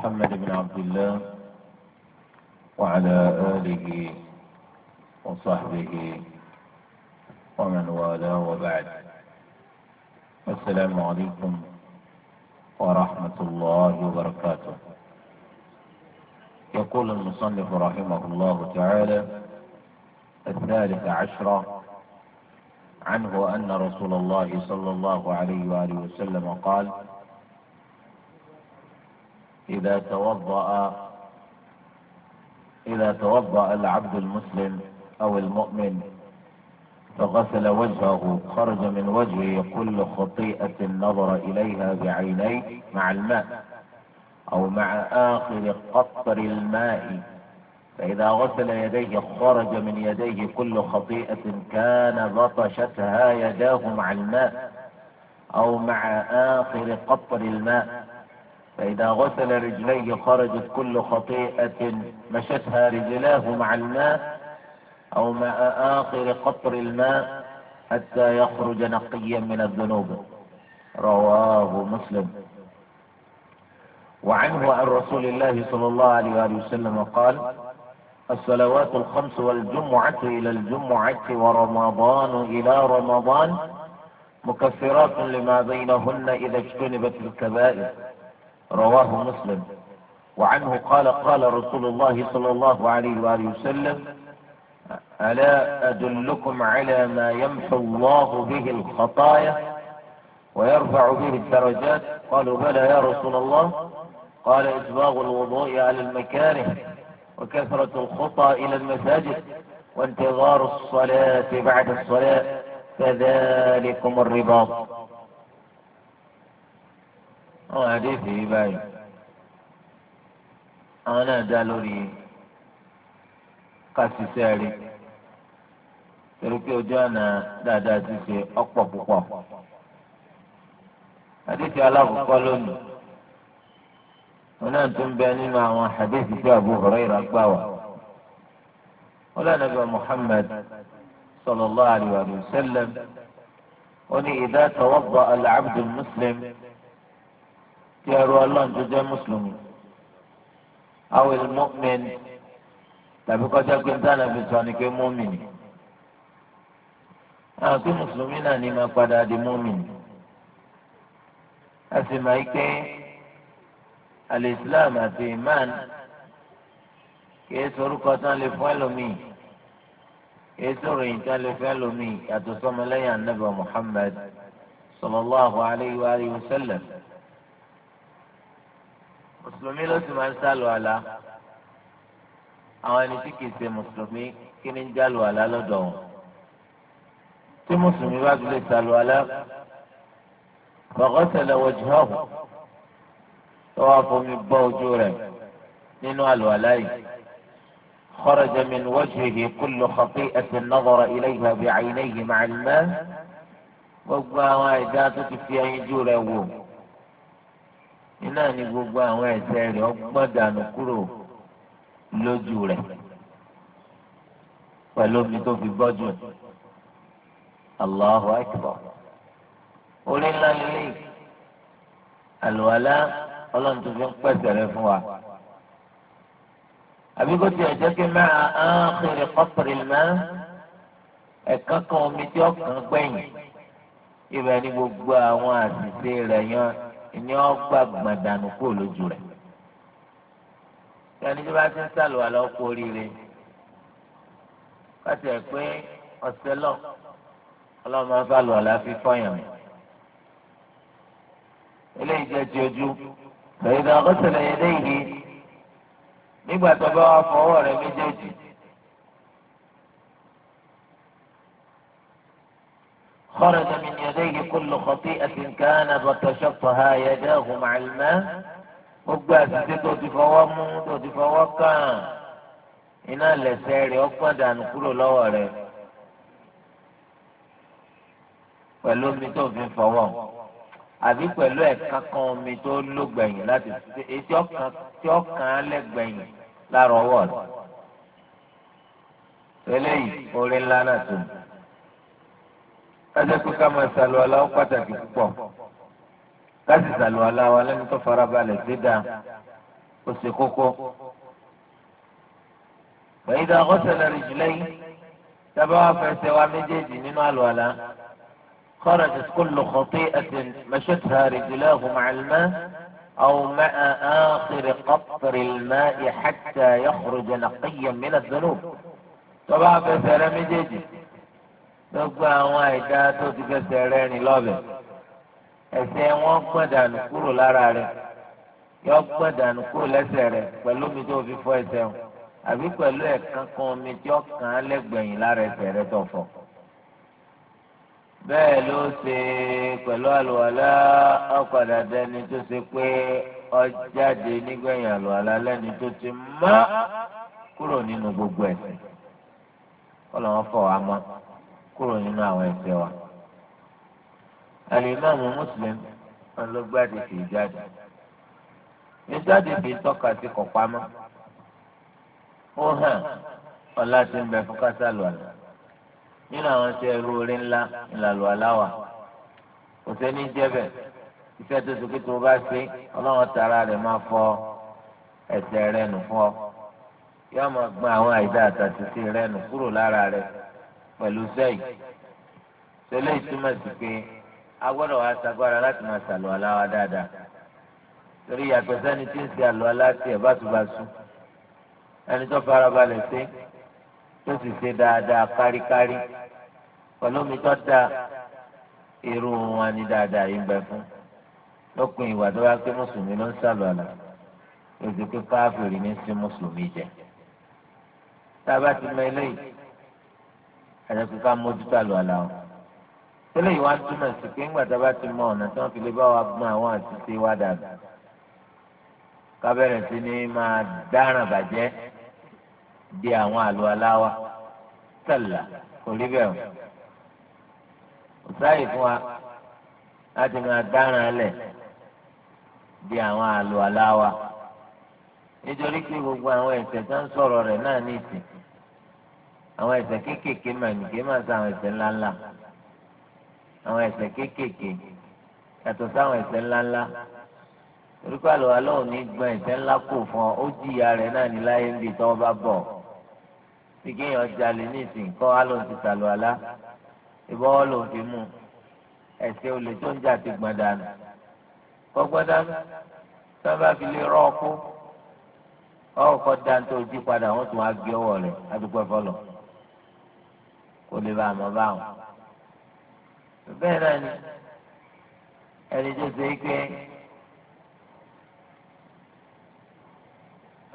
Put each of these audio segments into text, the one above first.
محمد بن عبد الله وعلى آله وصحبه ومن والاه وبعد السلام عليكم ورحمة الله وبركاته يقول المصنف رحمه الله تعالى الثالث عشرة عنه أن رسول الله صلى الله عليه وآله وسلم قال إذا توضأ إذا توضأ العبد المسلم أو المؤمن فغسل وجهه خرج من وجهه كل خطيئة نظر إليها بعينيه مع الماء أو مع آخر قطر الماء فإذا غسل يديه خرج من يديه كل خطيئة كان بطشتها يداه مع الماء أو مع آخر قطر الماء فإذا غسل رجليه خرجت كل خطيئة مشتها رجلاه مع الماء أو مع آخر قطر الماء حتى يخرج نقيا من الذنوب رواه مسلم وعنه عن رسول الله صلى الله عليه وسلم قال الصلوات الخمس والجمعة إلى الجمعة ورمضان إلى رمضان مكفرات لما بينهن إذا اجتنبت الكبائر رواه مسلم وعنه قال قال رسول الله صلى الله عليه وآله وسلم ألا أدلكم على ما يمحو الله به الخطايا ويرفع به الدرجات قالوا بلى يا رسول الله قال إسباغ الوضوء على المكاره وكثرة الخطى إلى المساجد وانتظار الصلاة بعد الصلاة فذلكم الرباط àwọn àdéhùn yìí báyìí àwọn náà dá lórí kásìsẹ́ rí torí pé ojú ọ̀nà dáadáa ti ṣe ọ̀pọ̀ púpọ̀ àdéhùn alákọ̀ọ́kọ́ lónìí wọn náà tún bẹ nínú àwọn àdéhùn tí Abu Hurairah gbà wá wọn lọ́nà bẹ Muhammad sallallahu alaihi wa sallam wọn ni idha tawadda'a al-'abdu al-muslim kí ẹrú ọlọ́run tó jẹ́ mùsùlùmí àwọn ìlúmọ́kùnrin tàbí kọjá pé dáná fi sọ ni pé mọ́mìnì àwọn pé mùsùlùmí náà ní máa padà di mọ́mìnì a sì máa ń pé alìsílámù àti imán kìí sorúkọ tán lè fún ẹlòmíì kìí sọ̀rọ̀ yìí tán lè fún ẹlòmíì yàtọ̀ sọmọlẹ́yìn anábà Muhammad sallallahu alayhi wa sallam mùsùlùmí ló sì máa ń sálò àlá àwọn ẹni tí kìí ṣe mùsùlùmí kí ni ń jálò àlá lọ́dọ̀ wọn tí mùsùlùmí bá fi lè sálò àlá faghassala wajhahu tó wàá fomi bọ́ ojú rẹ̀ nínú àlò àlá yìí kharaja min wajhihi kullu khati'atin nadhara ilayha bi'aynayhi ma'a al-ma' gbogbo àwọn àìdá tó ti iná ni gbogbo àwọn ẹ̀ṣẹ̀ rẹ̀ ọgbọ́n dànù kúrò lójú rẹ̀ pẹ̀lú omi tó fi gbọ́jú Allahu akbar orí ńlá lélẹ̀ àlùwàlá ọlọ́run tó fi ń pèsè rẹ̀ fún wa àbí kó tiẹ̀ jẹ́ kí máa áńkiri kọ́pìrì mọ́ ẹ̀ka kan omi tí ọkàn gbẹ̀yìn ibẹ̀ ni gbogbo àwọn àṣìṣe rẹ̀ yan ìní ọgbà gbàdánù kó lójú rẹ̀ yẹni tí bá ti ń sàlùwà lọ kú oríire káti ẹ̀ pé ọ̀sẹ̀ lọ ọlọ́run máa ń sàlùwà láfi fọyàn mi eléyìí jẹ́ ti ojú bẹ̀rẹ̀ ìdá ọgọ́sẹ̀lẹ̀ yẹn léyìí nígbà tó bá wà fọwọ́ rẹ̀ méjèèjì. خرج من يديه كل خطيئة كان فتشطها يداه مع الماء gbogbo àṣìṣe tó ti fọwọ́ mú tó ti fọwọ́ kàn iná lẹ̀sẹ̀ rẹ̀ ó pọ̀n dànù kúrò lọ́wọ́ rẹ̀ pẹ̀lú omi tó fi fọwọ́ àbí pẹ̀lú ẹ̀ka kan omi tó lò gbẹ̀yìn láti etí ọ̀kan lẹ́gbẹ̀yìn lára ọwọ́ rẹ̀ eléyìí orí ńlá náà tó mú. kájọ́pé ká máa ṣàlùwàlá ó pàtàkì púpọ̀ káṣí ṣàlùwàlá wa lẹ́nu tó farabalẹ̀ gbé dáa ó ṣe kókó. فإذا غسل رجليه تبع فسوى مجيج ننوى الولاء خرجت كل خطيئة مشتها رجلاه مع الماء أو مع آخر قطر الماء حتى يخرج نقيا من الذنوب تبع فسوى مجيج gbogbo àwọn àìdá tó ti fẹsẹ̀ rẹ̀ rìn lọ́bẹ̀ ẹsẹ̀ wọn gbọ́n dànù kúrò lára rẹ̀ yọ gbọ́n dànù kúrò lẹ́sẹ̀ rẹ̀ pẹ̀lú omi tó fi fọ ẹsẹ̀ wọn àbí pẹ̀lú ẹ̀kan kan omi tí ọkàn lẹ́gbẹ̀yìn lára ẹsẹ̀ rẹ̀ tó fọ. bẹ́ẹ̀ ló ṣe pẹ̀lú àlùwàlá ọ̀padà dẹni tó ṣe pé ọjáde nígbẹ̀yìn àlùwàlá lẹ́ni tó ti mọ́ kúrò nínú gbogbo ẹ̀ṣẹ̀ kọ́ lọ́wọ́ kúrò nínú àwọn ẹ̀ṣẹ̀ wa. alimami muslim ọlọgbàdì kì í jáde ìjáde kì í tọ́ka sí kọ̀pamọ́ ó hàn ọlá tí ń bẹ fún kásálù àná nínú àwọn tí ẹrú orí ńlá ìlàlù aláwà kò sẹ́ni jẹ́bẹ̀ iṣẹ́ tó ti kí tó bá ṣe ọlọ́run tara rẹ̀ máa fọ ẹ̀ṣẹ̀ rẹ̀ nù fún ọ yóò máa gbọ́n àwọn àìdá àtàtúnṣe rẹ̀ nù kúrò lára rẹ̀ pẹ̀lú zayi tẹ́lẹ̀ ìtumọ̀ sí pé a gbọ́dọ̀ wá sagbára láti máa sàlọ̀ aláwa dáadáa torí yàtọ̀ sẹ́ni tí ń ṣe àlọ́ aláṣẹ ẹ̀ bátúbátú ẹni tó farabalẹ̀ ṣe tó sì ṣe dáadáa káríkárí pẹ̀lú omi tó da irú wọn ni dáadáa yìí ń bẹ fún lópin ìwà tó bá pé mùsùlùmí ló ń sàlọ̀ àlà èsì káfíìrì ní sí mùsùlùmí jẹ tá a bá ti mọ eléyìí àdàkù ká mójútó àlùwàlà o tẹ́lẹ̀ yìí wá túmọ̀ sí pé ńgbà tá a bá ti mọ ọ̀nà tí wọ́n fi lè bá wa gbọ́n àwọn àtúnṣe wa dàbí ká bẹ̀rẹ̀ sí ní máa dáràn bàjẹ́ di àwọn àlùwàlà wa sàlà kò rí bẹ́ẹ̀ o kò fún wa láti máa dáràn lẹ̀ di àwọn àlùwàlà wa nítorí pé gbogbo àwọn ẹ̀ṣẹ̀ tó ń sọ̀rọ̀ rẹ̀ náà ní ìsìn àwọn ẹ̀ṣẹ̀ kéékèèké mà ní kéé máa sa àwọn ẹ̀ṣẹ̀ ńláńlá àwọn ẹ̀ṣẹ̀ kéékèèké yàtọ̀ sáwọn ẹ̀ṣẹ̀ ńláńlá orúkọ àlọ́ alọ́ọ̀ ní gbọ́n ẹ̀ṣẹ̀ ńlá kò fún ọ ó jìyà rẹ̀ náà ní láyé ń bi tọ́wọ́ bá bọ̀ bí kéèyàn jalè ní ìsìn kọ́ alọ́ ti sàlọ̀ àlá ìbọ́wọ́ ló fi mú ẹ̀ṣẹ̀ olè tó ń jà ti gbọ̀n dànù kọ́ gbọ́n dànù sábà fi lè rọ́ ọkú ọkọ̀ dáńtó ojú padà wọ́n tún á gbé ọwọ́ rẹ̀ adúgbò fọlọ́ kò lè bá àmọ́ bá wọn. bẹ́ẹ̀ náà ni ẹni tó ṣe é pé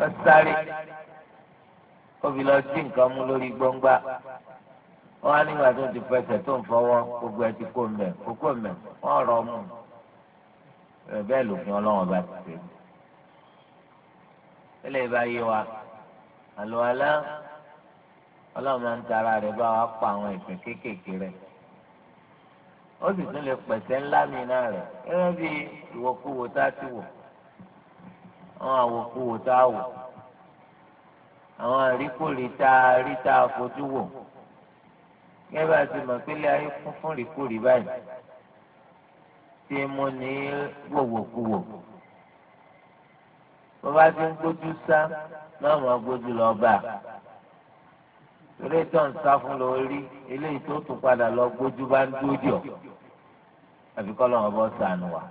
ó sáré obì lọ sí nǹkan mú lórí gbọ́ngbà wọ́n á nígbà tó ti fẹsẹ̀ tó ń fọwọ́ gbogbo ẹ ti kó mbẹ̀ kókó mbẹ̀ wọ́n rọ̀ mú bẹ́ẹ̀ lòfin ọlọ́wọ́n bá ti ṣe. tẹ́lẹ̀ bá wa àlọ́ àlá ọlọ́run máa ń tara rẹ̀ bá wa pa àwọn ìpín kéékèèké rẹ̀ ó sì tún lè pẹ̀sẹ̀ ńlá mi náà rẹ̀ gẹ́gẹ́ bí ìwòkuwò tá a ti wò àwọn àwòkuwò tá a wò àwọn àríkòrí tá a rí tá a fojú wò gẹ́gẹ́ bá a ti mọ̀ pé ayé kún fún ríkòrí báyìí tí mo ní wòwòkuwò bó bá ti ń gbójú sá náà mo gbójú lọ bá a eré tó ń sá fún lọ rí eléyìí tó tún padà lọ gbójú bá ń dójú ọ àfi kọ́ lọ́wọ́ bọ́ sànù wá.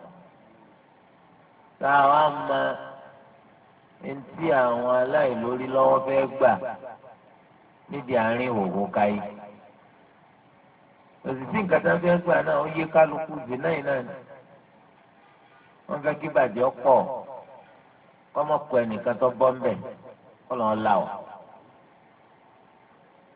tá a wá mọ ntí àwọn aláìlórí lọ́wọ́ fẹ́ gbà nídìí àárín òwò káyé. òsìsí nǹkan tá a fẹ́ gbà náà ó yé kálukú zì náà náà ni. wọ́n fẹ́ kí bàjẹ́ pọ̀ kọ́mọkọ ẹnìkan tó bọ́ ń bẹ̀ kọ́ lọ́ọ́ là wá.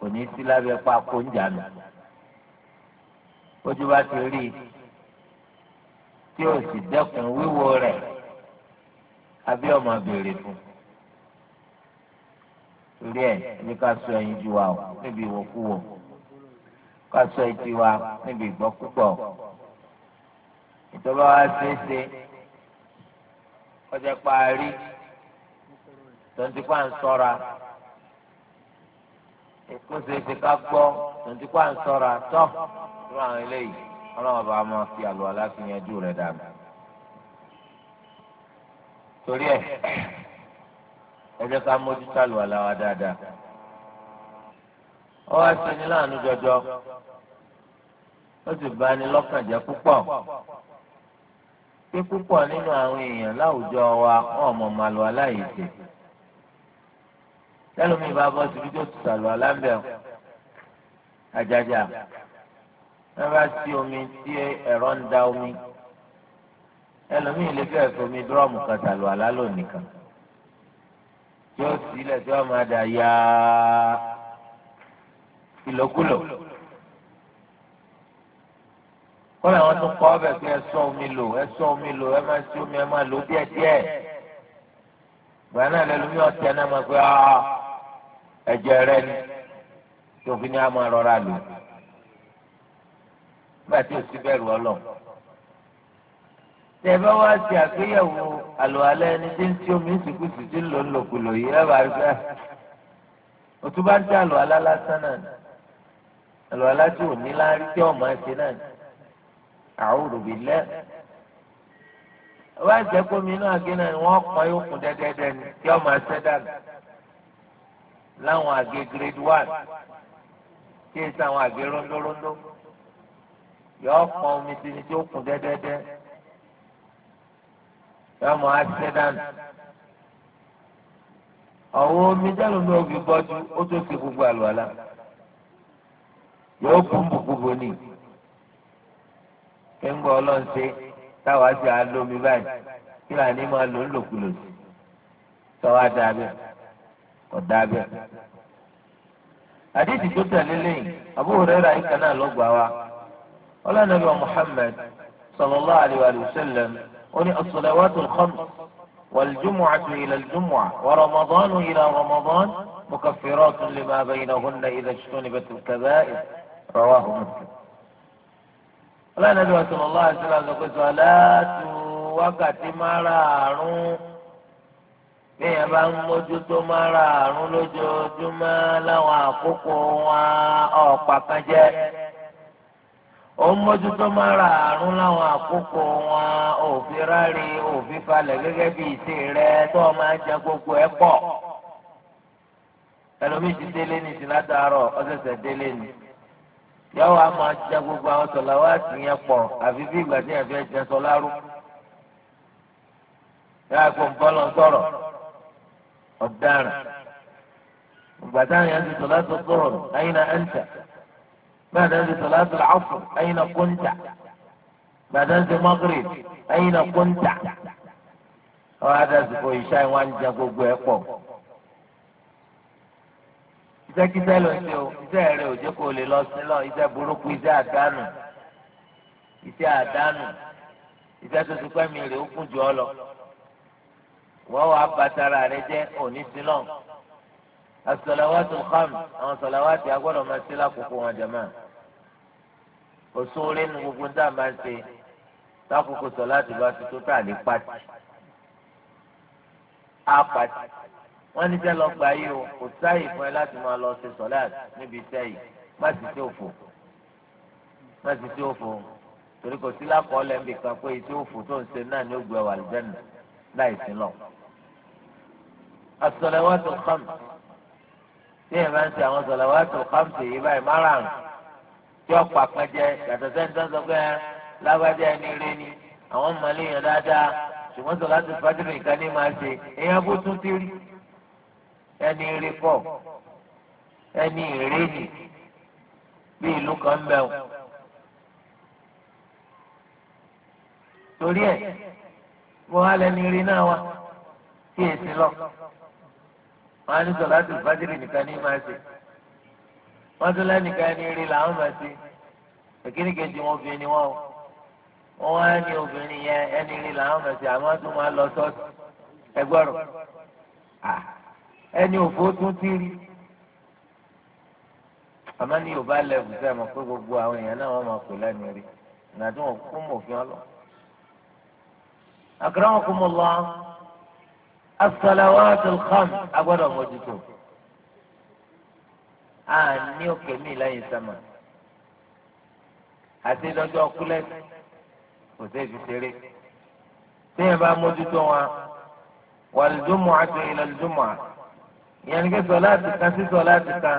kò ní sí lábẹ́ pa kóńjànù ojú bá ti rí i tí o sì dẹ́kun wíwo rẹ̀ àbí ọmọ béèrè fún torí ẹ̀ ibi ká sọ ẹyin ju wa o níbi ìwòkúwò ká sọ etí wa níbi ìgbọ́kúgbọ̀ ìjọba wa ṣe é ṣe ọjà parí tó ń tipa ń sọ́ra ó ṣe é ṣe ká gbọ́ tuntun kó à ń sọ̀rọ̀ àtọ́ fún àwọn eléyìí ọlọ́run bá máa fi àlọ́ aláfi yanjú rẹ̀ dànù. torí ẹ ẹ jẹ́ ká mójútó àlọ́ aláwa dáadáa. ó wá sí ní láàánú jọjọ ó sì bá ní lọ́kàn jẹ́ púpọ̀ pé púpọ̀ nínú àwọn èèyàn láwùjọ wa wọn ò mọ̀ màlúwa láyé tè tẹlifíì bá bọ́ síbi tó ti sàlù alábẹ́ ọ àjàjà wọ́n bá sí omi tí ẹ̀rọ ń da omi ẹlòmíì lè fẹ́ fomi dúrọ́ọ̀mù kan sàlù àlá lónìí kan tí ó sílẹ̀ tí wọ́n máa dà ya ìlòkulò kọ́lá wọn tún kọ́ ọbẹ̀ pé ẹ sọ omi lò ẹ sọ omi lò ẹ máa sí omi ẹ máa lò díẹ̀díẹ̀ gbàánà lẹ́lòmíì ọ̀tẹ̀ náà máa pẹ́ ọ́ ẹ̀jẹ̀ rẹ ni tó fi ní a máa rọra lò nígbà tí o sì bẹ̀rù ọlọ́run. tẹ bá wá sí àgbéyẹ̀wò àlòalẹ́ ẹni tí ń tí omi ìsìnkúsì tí ń lò ń lòkulò yìí ẹ bá rí bẹ́ẹ̀. òtún bá ń tẹ àlòalá lásán náà ni àlòalá tí ò ní láárí tí ọmọ ẹsẹ náà ni àwòrò bí lẹ́ wá jẹ́ kómi inú àgé náà ni wọ́n pọ́n yókùn dẹ́dẹ́dẹ́ ni tí ọmọ ẹsẹ dànù láwọn àgé grade one kí èsì àwọn àgé rondórondó yọ pọn omi sí ni tí ó kún dẹ́dẹ́dẹ́ yọ mọ accident àwọn omi dẹ́nu ní òbí gbọ́jú ó tó ti gbogbo àlùwàlà yóò kún gbogbo ní kéńgbọ́ ọlọ́ọ̀nsẹ́ táwa ti à lómi báyìí kí làní máa lò ń lòkulò sí tọ́wá bẹ́ẹ̀ ọ̀dà bẹ́ẹ̀. àdìsí tó tẹ̀lé lẹ́yìn Abu Hurairah yìí kan náà ló gbà wá ọlọ́nàbí Muhammad sallallahu alayhi wa sallam ó ní as-salawatul khams wal-jumu'atu ila al-jumu'ah wa ramadanu ila ramadan mukaffiratun lima baynahunna idha ijtunibat al-kaba'ir rawahu Muslim. ọlọ́nàbí sallallahu alayhi wa sallam sọ pé sọ aláàtú wákàtí márààrún. bẹ́ẹ̀ bá ń mójútó mára àrùn lójoojúmọ́ láwọn àkókò wọn ọ̀pá kan jẹ́ ó ń mójútó ra àrùn láwọn àkókò wọn òfin rárí òfin falẹ̀ gẹ́gẹ́ bí ìṣe rẹ tó o máa ń jẹ gbogbo pọ̀ ẹlòmíì ti délé ní ti délé ní a máa jẹ gbogbo àwọn wá sí yẹn pọ̀ àfi bí ìgbà tí yẹn jẹ ọ̀daràn gbàdá yẹn ti sọlá tó gbọ́rọ̀ ayna anta gbàdá ti sọlá tó làásù kunta gbàdá ti maghrib ayna kunta ọ̀ adásìkò ìṣá ìwà ń jẹ gbogbo ẹ̀ pọ̀ iṣẹ́kíṣẹ́ ló ń ṣe o iṣẹ́ rẹ̀ ò jẹ́ kó lè lọ sí lọ iṣẹ́ burúkú iṣẹ́ àdánù iṣẹ́ àdánù iṣẹ́ tó ti pẹ́ mi rè kún jù ọ lọ. wọ́n wà bàtàrà rẹ jẹ́ òní sílọ̀n asọ̀làwàtì kham àwọn sọ̀làwàtì agbọ́dọ̀ máa ṣe lákòókò wọn jẹ̀mọ́ òṣòro nu gbogbo níta máa ṣe lákòókò sọ̀láàtì bá ti tó tà ní pàtì á pàtì wọ́n ní sẹ́ lọ gbà yìí o kò sáyè fún ẹ láti máa lọ ṣe sọ̀láàtì níbi iṣẹ́ yìí má ti ṣe òfò má ti ṣe torí kò sí lákọọ́lẹ̀ nbìkan pé iṣẹ́ òfò tó ń ṣe náà ní ògbẹ́ wà láì sí lọ. as-salawatu al-khams tí ẹ̀ máa ń ṣe àwọn as-salawatu al-khams yìí báyìí márùn-ún tí ó pa pẹ́jẹ yàtọ̀ sẹ́ni tó ń sọ pé lágbájá ẹni rí ni àwọn mọ̀lẹ́ yẹn dáadáa ṣùgbọ́n salatu fajr nìkan ní máa ṣe èèyàn bó tún ti rí ẹni rí pọ̀ ẹni rí ni bí ìlú kan bẹ̀ torí ẹ̀ mo wá lẹni rí náà wá tí èsì lọ wọn á ní sọlá tó fàjìrì nìkan ní máa ṣe wọn tó lẹnìkan ní rí làwọn máa ṣe èkíní kejì wọn obìnrin wọn o wọn wá ní obìnrin yẹn ẹni rí làwọn máa ṣe àmọ́ tó máa lọ ṣọ́ọ̀ṣì ẹgbọrọ ẹni òfò tún ti rí àmọ́ ní yorùbá lẹbùsẹ mọ pé gbogbo àwọn èèyàn náà wọn máa pè lẹnu rí ìgbà wọn kú mọ òfin ọlọ akramakumullah as-salawatul khams agbọ́dọ̀ mójútó a ní òkè mi lẹ́yìn sẹ́mà àti lọ́jọ́ kúlẹ̀sì kò sí èfi ṣeré téèyàn bá mójútó wọn wal-jumu'atu ila al-jumu'a ìyẹn ní kí sọláàtì kan sí sọláàtì kan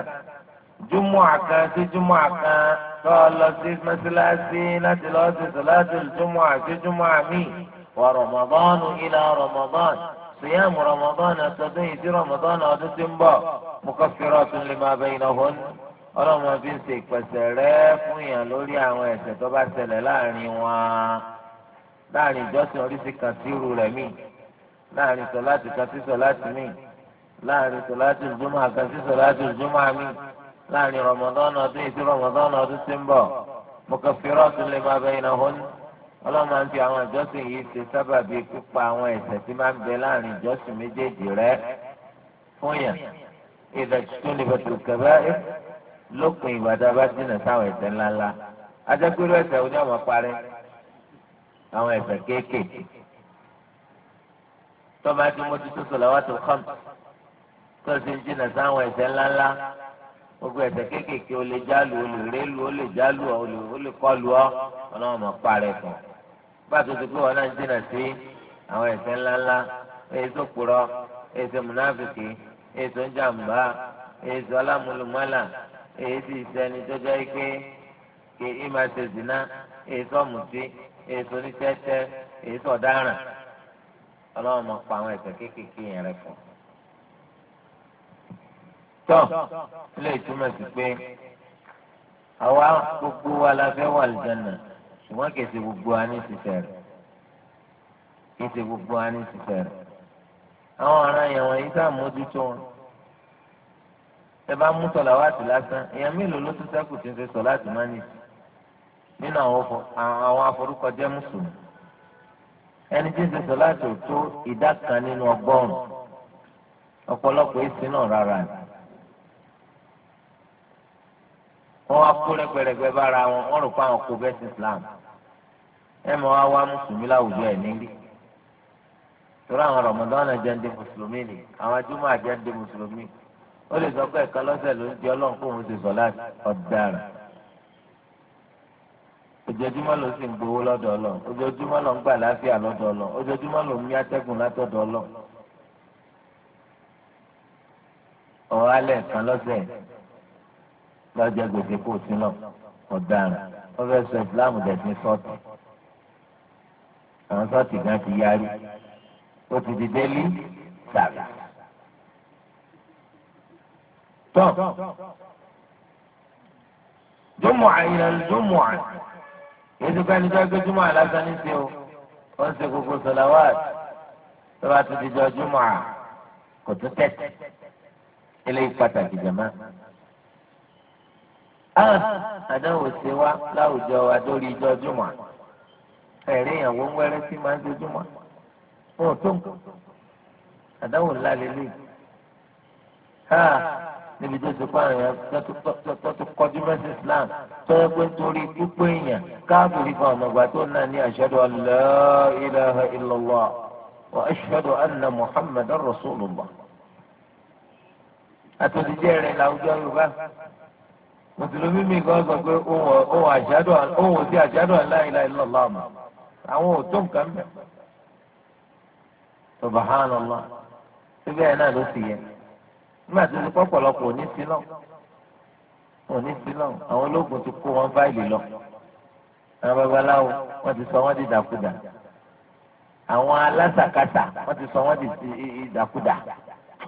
jumu'a kan sí jumu'a kan tó lọ sí mọ́sálásí láti lọ́ọ́ sí sọláàtì jumu'a sí jumu'a míì. ورمضان إلى رمضان صيام رمضان rọmọdán àtọdún ìdí rọmọdán ọdún tí ń bọ̀ mukaffiratun lima baynahun ọlọ́mọ fi ń ṣe ìpẹ̀sẹ̀ rẹ̀ fún yàn lórí àwọn ẹ̀ṣẹ̀ tó bá ṣẹlẹ̀ láàrin wọn láàrin ìjọsìn oríṣi kan sí irú rẹ̀ míì láàrin sọláàtì kan sí sọláàtì míì láàrin sọláàtì ìjùmọ̀ kan sí sọláàtì ìjùmọ̀ míì láàrin rọmọdán ọdún ìdí rọmọdán ọdún tí ń bọ̀ mukaffiratun lima baynahun ọlọ́run máa ń fi àwọn ìjọsìn yìí ṣe sábàbí pípa àwọn ẹ̀ṣẹ̀ tí máa ń bẹ láàrin ìjọsìn méjèèjì rẹ fún yàn ìdàjú tó lè bẹ̀tẹ̀ kẹfẹ́ lópin ìbàdàn bá dínà sáwọn ẹ̀ṣẹ̀ ńláńlá ajágbéró ẹ̀ṣẹ̀ oní àwọn parí àwọn ẹ̀ṣẹ̀ kéékèèké tọ́ba tí mo ti tó sọ̀rọ̀ wá tó kàn tó ṣe ń dínà sáwọn ẹ̀ṣẹ̀ ńláńlá gbogbo ẹ̀ṣẹ̀ kéékèèké o lè jálù o lè rélu o lè jálù o lè kọlù ọ ọlọ́run mọ̀ kan bá a tó ti pé wọn náà ń jìnnà sí àwọn ẹ̀ṣẹ̀ ńláńlá èso kúrọ èso múnáfìkì èso jàǹbá èso alámúlùmọ́là èso ìsẹni tó jẹ́ pé kì í máa ṣe zìnà èso ọ̀mùtí èso onítẹ́tẹ́ èso ọ̀daràn ọlọ́run máa pa àwọn ẹ̀ṣẹ̀ kéékèèké yẹn rẹ fún tọ́ ilé ìtumọ̀ sí pé àwa gbogbo wa la fẹ́ wà lùjánà ṣùgbọ́n kì í ṣe gbogbo wa ní ìsìsẹ́ rẹ̀ kì í ṣe gbogbo wa ní ìsìsẹ́ rẹ̀ àwọn ará yẹn wọ̀nyí tá à mójútó wọn ẹ bá mú sọlá wá sí lásán èèyàn mélòó ló tún sẹ́kù tí ń ṣe sọ láti má nìyí nínú àwọn afọrúkọjẹ́ mùsùlùmí ẹni tí ń ṣe sọ láti ò ìdá kan nínú ọgọ́rùn-ún ọ̀pọ̀lọpọ̀ èsì náà rárá ni. wọ́n wá kó rẹ́gbẹ̀rẹ́gbẹ́ bára wọn wọ́n rò pé àwọn kò sí Islam ẹ wá wá mùsùlùmí láwùjọ ẹ̀ nílé torí àwọn Ramadan àjẹndé mùsùlùmí ni àwọn ajúmọ̀ àjẹndé mùsùlùmí ó lè sọ pé lọ́sẹ̀ ló ń di òun ti sọ láti ọ̀daràn ojoojúmọ́ ló sì ń gbowó lọ́dọ̀ ojoojúmọ́ ló ń gbà lọ́jọ́ gbèsè kò sí lọ ọ̀daràn wọ́n fẹ́ sọ ìsìláàmù dẹ̀sìn sọ́ọ̀tì àwọn sọ́ọ̀tì gan ti yarí ó ti di délé sàrà. tọ́ jọ́mọ̀ àyìnlá jọ́mọ̀ àyìnlá yéésù ká ní sọ́ọ́ jọ́mọ̀ àlásán ní sí o wọ́n ṣe gbogbo sọ̀làwáàtì tó bá ti di jọ́ jọ́mọ̀ à kò tún tẹ̀ eléyìí pàtàkì jẹ̀mọ́ àdáwò ṣe wá láwùjọ wa lórí ìjọ jùmọ̀ ẹ̀rí ìyàwó ń wẹ́rẹ́ sí máa ń dojúmọ́ wọn ò tó nǹkan àdáwò ńlá lélẹ̀ ha níbi tó ti kọ́ àwọn èèyàn tó ti kọjú mẹ́sì Islam tó yẹ pé nítorí pípé èèyàn káàbìrì kan ọ̀nàgbà tó náà ní ashhadu an la ilaha illallah anna Muhammadan rasulullah àtòjíjẹ́ rẹ̀ làwùjọ Yorùbá mùsùlùmí mi kan sọ pé ohun àṣàdù ohun òsì àṣàdù aláìlá ìlọlá ọmọ àwọn ò tó nǹkan mẹ subhanallah síbẹ̀ ẹ̀ náà ló sì yẹ nígbà tó ti pọ̀pọ̀lọpọ̀ òní sí náà òní sí náà àwọn ológun ti kó wọn báyìí lọ àwọn babaláwo wọ́n ti sọ wọ́n di dàkúdà àwọn alásàkátà wọ́n ti sọ wọ́n di dàkúdà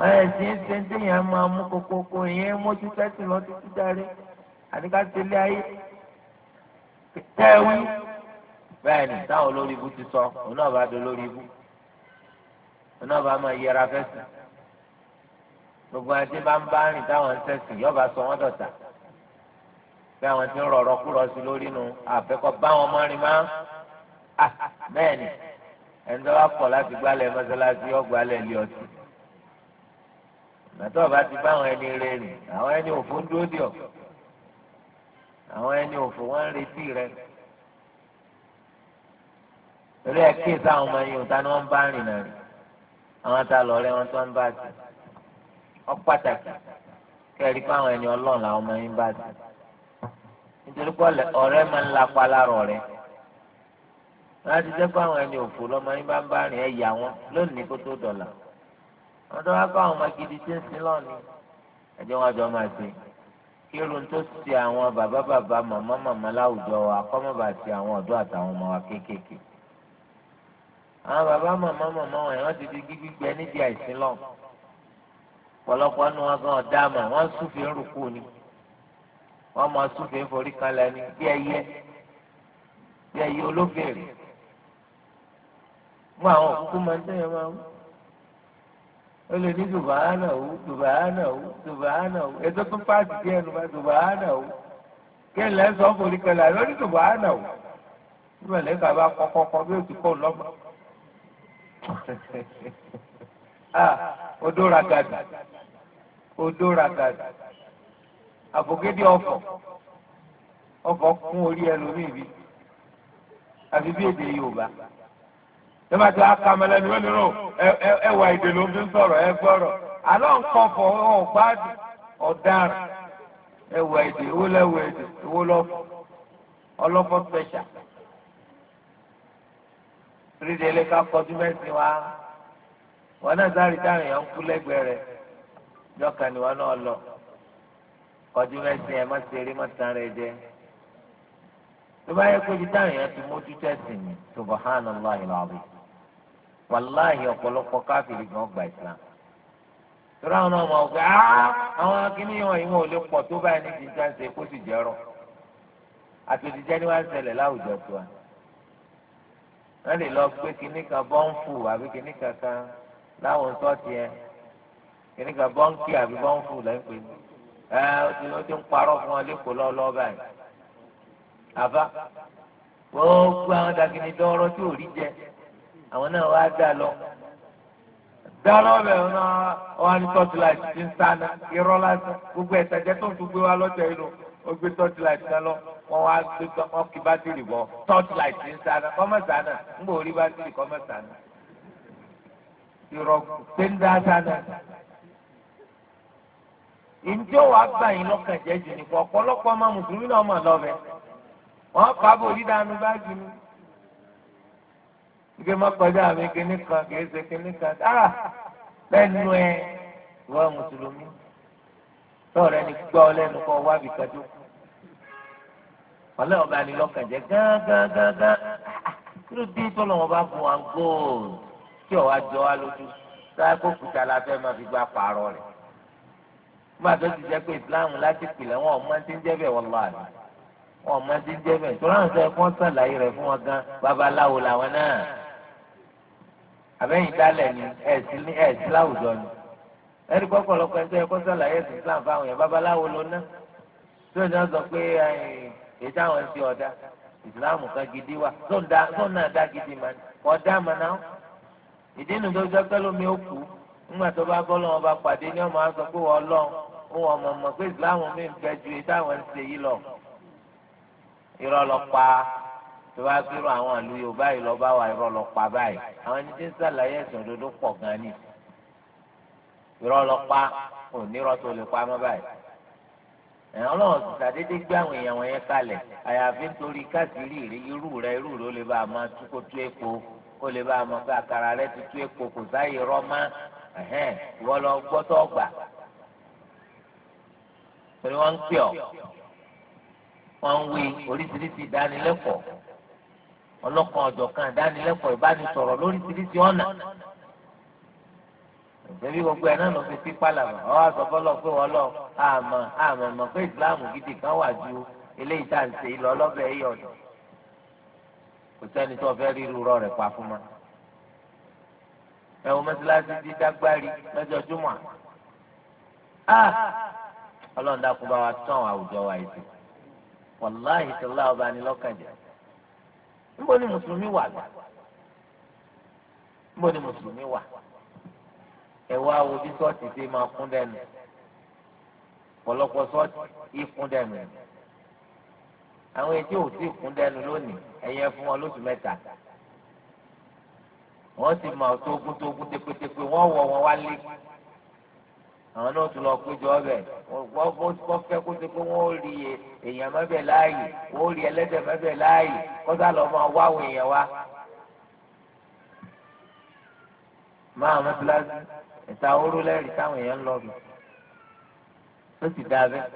ẹ ṣe ń ṣe ń tẹ̀yàn máa mú kókó kó ìyẹn mójútẹ́sì lọ títí darí àdìgá ti lé ayé tẹ́wí bẹ́ẹ̀ ni táwọn olórí ibu ti sọ òun náà bá do lórí ibu òun náà bá máa yẹra fẹ́sìn gbogbo àti bá ń bá rìn táwọn ń sẹ́sìn yọba sọ wọ́n dọ̀tà bí àwọn ti ń rọ̀rọ̀ kúrọ̀ sí lórí nu àfẹ́kọ̀ bá wọn mọ́rin má bẹ́ẹ̀ ni ẹni tó bá kọ̀ láti gbálẹ̀ mọ́sálásí ọgbàlẹ̀ ilé ọtí gbàtọ́ bá ti bá àwọn ẹni rẹ̀ rìn àwọn ẹni òfò dúró dì àwọn ẹni òfò wọn ń retí rẹ torí ẹ kí sáwọn ọmọ yìí òtá ni wọn bá rìn náà rìn àwọn tá a lọ rẹ wọn tó ń bá ti ọ pàtàkì kẹrí pé àwọn ẹni Ọlọ́run làwọn ọmọ yìí ń bá ti nítorí pé ọ̀rẹ́ máa ń lapa lára ọ̀rẹ́ wọn á ti jẹ́ pé àwọn ẹni òfò lọ́mọ yìí bá ń bá rìn ẹ̀yà wọn lónìí kó tó dọ̀là wọn tó wá bá àwọn ọmọ gidi tí ń sin lọ́ọ̀ni ẹ̀jẹ̀ wọn jọ máa ṣe kírun tó ti àwọn bàbá bàbá màmá màmá láwùjọ wa kọ́mọ̀bà ti àwọn ọ̀dọ́ àtàwọn ọmọ wa kéékèèké. àwọn bàbá màmá màmá wọn yẹn wọ́n ti di gbígbẹ nídìí àìsín lọ. pọ̀lọpọ̀ nu wọn gan ọ̀dá mà wọ́n súfèé ń rúkú ni wọ́n mọ súfèé forí kalẹ̀ ni bí ẹyẹ bí ẹyẹ olóbèrè. mú àwọn òkú máa ń tẹ̀yẹ̀ máa ń ó lè ní dùbàánà ó dùbàánà ó dùbàánà ó ètò tó pàṣẹ díẹ̀ ló bá dùbàánà ó kí ẹ̀ lẹ́sọ̀ ọ́ forí kẹlẹ̀ àlọ́ ní dùbàánà ó nígbà lẹ́ka bá kọ́kọ́kọ́ bí ó ti kọ́ lọ́mọ. Ah, odó ragadi odó ragadi àbògédé ọ̀fọ̀ ọ̀fọ̀ kún orí ẹlòmíì bí àfi bí èdè Yorùbá ẹ máa ti aka mẹlẹ ni wọn lérò ẹ wà èdè ló fi ń sọ̀rọ̀ ẹ gbọ́rọ̀ alọ nǹkan fọ ọgbádùn ọ̀daràn ẹ wà èdè ìwó lẹwọ èdè ìwó lọfọ ọlọfọ pẹṣà rídìí ẹlẹka kọjú mẹsìn wa wọn náà sáré táwọn èèyàn ń kú lẹ́gbẹ̀ẹ́ jọkà ni wọn náà lọ kọjú mẹsìn ẹ má ṣeré má tàn rẹ jẹ tó bá yẹ kó ibi táwọn èèyàn ti mójú tẹsìn ni subhanallah ilaahi wàláhì ọ̀pọ̀lọpọ̀ káfíìrì gan gba islam tura àwọn ọmọ ọgbẹ àwọn akíní wọn yìí wọn ò lè pọ̀ tó báyìí ní jíjà ń ṣe kó sì jẹ rọ àtòjíjẹ ni wọn ń ṣẹlẹ̀ láwùjọ tó wa wọn lè lọ gbé kíní kan bọ́ǹfù àbí kíní kankan láwọn sọ́ọ̀tì yẹn kíní kan bọ́ǹkì àbí bọ́ǹfù lẹ́yìn pé ẹ ó ti ń parọ́ fún wọn lẹ́kọ̀ọ́ lọ́ọ́lọ́ọ́ báyìí àbá gbogbo àwọn dàgínní dán ọ̀rọ̀ tí ò rí jẹ àwọn náà wá dà lọ dáná ọbẹ̀ ọ̀nà ọ̀hún ní tọ́tìláìtì ti ń sáná irọ́ lásán gbogbo ẹ̀sẹ̀jẹ̀ tó ń tún gbé wa lọ́jọ́ yìí ó gbé tọ́tìláìtì náà lọ wọ́n wá gbé wọ́n kí bátìrì tọ́tìláìtì ń bò rí bátìrì pé ń dá ike má kọjá mi kíní kan kìí ṣe kíní kan táà ah! lẹ́nu ẹ ìwọ mùsùlùmí tọ́ọ̀rẹ́ ni gbọ́ lẹ́nu kọ́ wá bìkan tó kù ọlẹ́ ọba ni lọ́kàn jẹ́ gángángángán kí ló dé tọ́lọ̀ wọn bá fún wa góòlù kí ọ̀wá jọ wá lójú sáyé kó kùtà la fẹ́ máa fi gba pààrọ̀ rẹ̀ nígbà tó ti jẹ́ pé ìsìláàmù láti pìlẹ̀ wọn ọ̀ma ti ń jẹ́ bẹ̀ wọ́n lọ àná wọn ọ̀ma ti ń jẹ́ bẹ̀ tó ráǹsẹ̀ fún ọ̀sàlàyé rẹ̀ fún wọn gan babaláwo làwọn náà àbẹ́yìn dálẹ̀ ni ẹ̀sìn ẹ̀sìn láwùjọ ni ẹ̀rí pọ́pọ́lọpọ̀ ẹgbẹ́ ẹ̀kọ́ sàlàyé ẹ̀sìn Islam fáwọn yẹn babaláwo ló ná tí ó jẹ́ sọ pé èyí táwọn ń ṣe ọ̀dà ìsìláàmù kan gidi wa tó ń náà dá gidi ma kọ́ dá ma náà ìdí nu tó jẹ́ pẹ́lómi ó kú ńgbà tó bá bọ́ lọ́wọ́ bá pàdé ní ọmọ àwọn sọ pé wọ́n lọ́ òun ọmọ mọ̀ pé ìsìláàmù mi ń bẹ ju èyí táwọn ń ṣe yìí lọ tó bá kírò àwọn àlù yorùbá yìí lọ bá wà irọ́ lọ pa báyìí àwọn ẹni tí ń sàlàyé ẹ̀sìn òdodo pọ̀ gan ni irọ́ lọ pa onírọ́ tó lè pa mọ́ báyìí ẹ̀ ọlọ́run sì sàdédé gbé àwọn èèyàn wọn yẹn kalẹ̀ àyàfi nítorí káàkiri irú rẹ irú rẹ ó lè bá a máa tú kó tú epo ó lè bá a máa pé àkàrà rẹ ti tú epo kò sáyè irọ́ mọ́ ẹ̀hẹ́n ìwọ lọ gbọ́ tó pé wọ́n ń pè ọ́ wọ́n ń wí oríṣiríṣi ìdánilẹ́kọ̀ọ́ ọlọ́kan ọ̀jọ̀kan ìdánilẹ́kọ̀ọ́ ìbánisọ̀rọ̀ lóríṣiríṣi ọ̀nà ìgbẹ́bí gbogbo ẹ̀ náà ló fi pípa làmà ọ́ àsọfọ́lọ́ pé wọ́n lọ àmọ́ àmọ́ mọ̀ pé ìsìláàmù gidi kan wà ju eléyìí tá à ń ṣe ìlọ ọlọ́bẹ̀ ẹ̀yẹ ọ̀dọ̀ kò sẹ́ni tó fẹ́ rí irú rẹ̀ pa fún ma. ẹ wo mọ́sálásí ti dágbárí lọ́jọ́ júmọ̀ à ọlọ́run dákun bá wa tán àwùjọ wa ìsìn wàláhìí tó láwọn bá ní lọ́kàn níbo ni mùsùlùmí wà lọ níbo ni mùsùlùmí wà ẹ wá wo bí ṣọ́ọ̀ṣì ṣe máa kún dẹnu ọ̀pọ̀lọpọ̀ ṣọ́ọ̀ṣì ìkún dẹnu àwọn etí ò sí ìkún dẹnu lónìí ẹ̀yẹ fún wọn lóṣù mẹ́ta wọ́n sì máa tó ogún tó ogún tẹpẹtẹpẹ wọ́n wọ̀ wọn wá lé àwọn náà tún lọ péjọ ọbẹ̀ wọ́n fẹ́ kó ṣe pé wọ́n rí èèyàn mẹ́bẹ̀ láàyè wọ́n rí ẹlẹ́dẹ̀ mẹ́bẹ̀ láàyè kọ́sà lọ́ máa wá àwọn èèyàn wa. máa mọ́tíláṣí ìta oró lẹ́rìí táwọn èèyàn ń lọ bì ó sì dáa bẹ́ẹ̀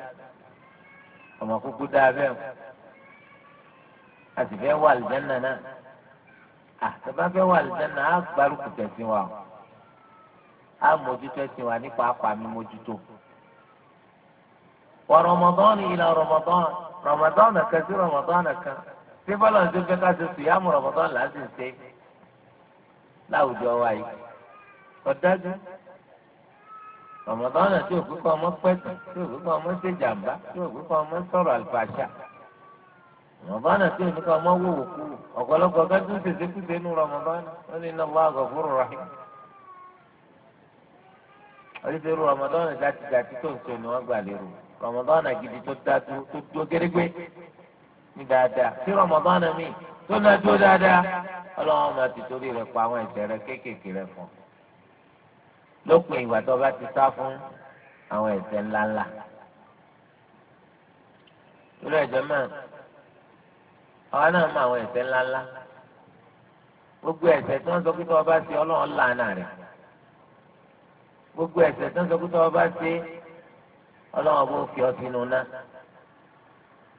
ọmọ kúkú dáa bẹ́ẹ̀ o a sì fẹ́ wà àlùjánnà náà àtàbá fẹ́ wà àlùjánnà á gbárùkù tẹ̀sí wa o á mójútó ẹ̀sìn wa nípa apàmì mójútó. wà rọmọdán ìlà rọmọdán rọmọdán kan sí rọmọdán kan tí bọ́lá ń sọ́jọ́ ká ṣe sùyàmù rọmọdán láti ṣe láwùjọ wa yìí. ọ̀dájú rọmọdán tí òkú kan ọmọ pẹ́tù tí òkú kan ọmọ ṣèjàmbá tí òkú kan ọmọ sọ̀rọ̀ àlùfàṣà rọmọbánà tí èmi kan máa wò wò kú ọ̀pọ̀lọpọ̀ ká tún ṣèṣe kú sẹ́nu rọmọbánà ó ní oníṣẹ́ irú Ramadan gàtìgàtì tó ń sọ ni wọ́n gbà lérò Ramadan gidi tó dájú tó dúró gẹ́gẹ́ ní dáadáa tí Ramadan mi tó náà dúró dáadáa ọlọ́wọ́n máa ti torí rẹ̀ pa àwọn ẹ̀ṣẹ̀ rẹ̀ kéékèèké rẹ̀ fún lópin ìgbà tó bá ti sá fún àwọn ẹ̀ṣẹ̀ ńláńlá irú ẹ̀jẹ̀ máa àwa náà mọ àwọn ẹ̀ṣẹ̀ ńláńlá gbogbo ẹ̀ṣẹ̀ tí wọ́n sọ pé tí wọ́n bá ti Ọlọ́run lánàá rẹ̀. gbogbo ẹ̀ṣẹ̀ tó ń sọ pé ọba ṣe ọlọ́wọ́n bó fi ọtí nù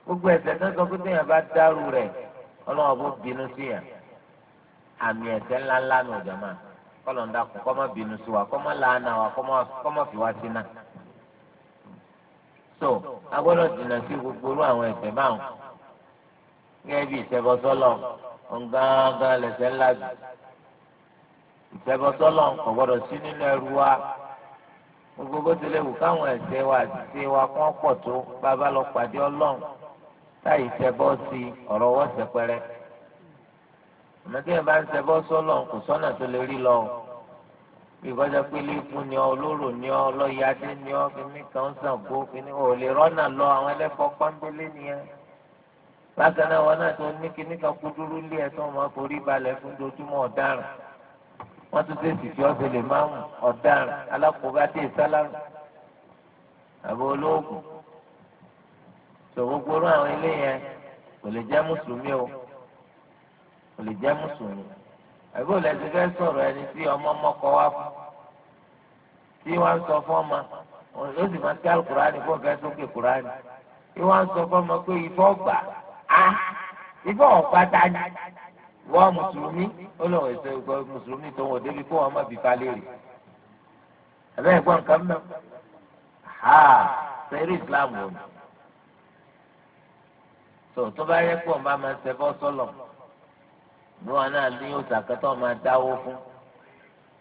gbogbo ẹ̀ṣẹ̀ tó ń sọ bá dárú rẹ̀ ọlọ́wọ́n bó bínú sí yàn àmì ẹ̀ṣẹ̀ ńláńlá nù jàmá kọ́lọ̀ bínú wa wa fi wá sí so gbogbo àwọn báwọn gẹ́gẹ́ bí ńlá jù sí nínú ẹrú wa. gbogbo bó tilẹ̀ wù káwọn ẹ̀ṣẹ̀ wa àti wa kán pọ̀ tó bàbá lọ pàdé ọlọ́run táyì tẹ́bọ́ sí ọ̀rọ̀ ọwọ́ sẹpẹrẹ àmọ́tí ẹ̀ bá ń tẹ́bọ́ sọ́lọ̀ kò sọ́nà tó lè rí lọ o bí ìkọ́jà pé léèkú ni ọ olóró ni ọ lọ́yàdé ni ọ kíní kan sàn kó kíní ò lè rọ́nà lọ àwọn ẹlẹ́kọ̀ọ́ pọ́ńbélé nìyẹn bákan náà wọn náà tó ní kíní kan kúdúrú lé ẹ̀ tó wọn kò rí balẹ̀ fún dojúmọ́ ọ̀daràn wọ́n tún ṣe sì fi ọ̀sẹ̀ lè máa mú ọ̀daràn alákòóbá tí ì sálárù àbọ̀ olóògùn tó gbogbo rún àwọn ilé yẹn kò lè jẹ́ mùsùlùmí o kò lè jẹ́ mùsùlùmí àbí ò lẹ́sìn fẹ́ sọ̀rọ̀ ẹni tí ọmọ mọ́kọ wá fún tí wọ́n sọ fún ọmọ ó sì máa ń kí alukùránì fún ọ̀gá sókè kùránì tí wọ́n sọ fún ọmọ pé ìfọ́ gbà á ìfọ́ ọ̀pá ta ni wọ́n mùsùlùmí ó lọ́wọ́ ẹ̀sẹ̀ ìgbà mùsùlùmí tó wọ̀ débi kó wọn má bì balẹ̀ rè abẹ́ ẹ̀gbọ́n nǹkan mẹ́ ha sẹ́rí islam wọ̀ ni tó tó bá yẹ kó ọba máa ṣe bọ́ sọ́lọ̀ ní wọn náà ní òsàkẹ́tọ̀ máa dáwó fún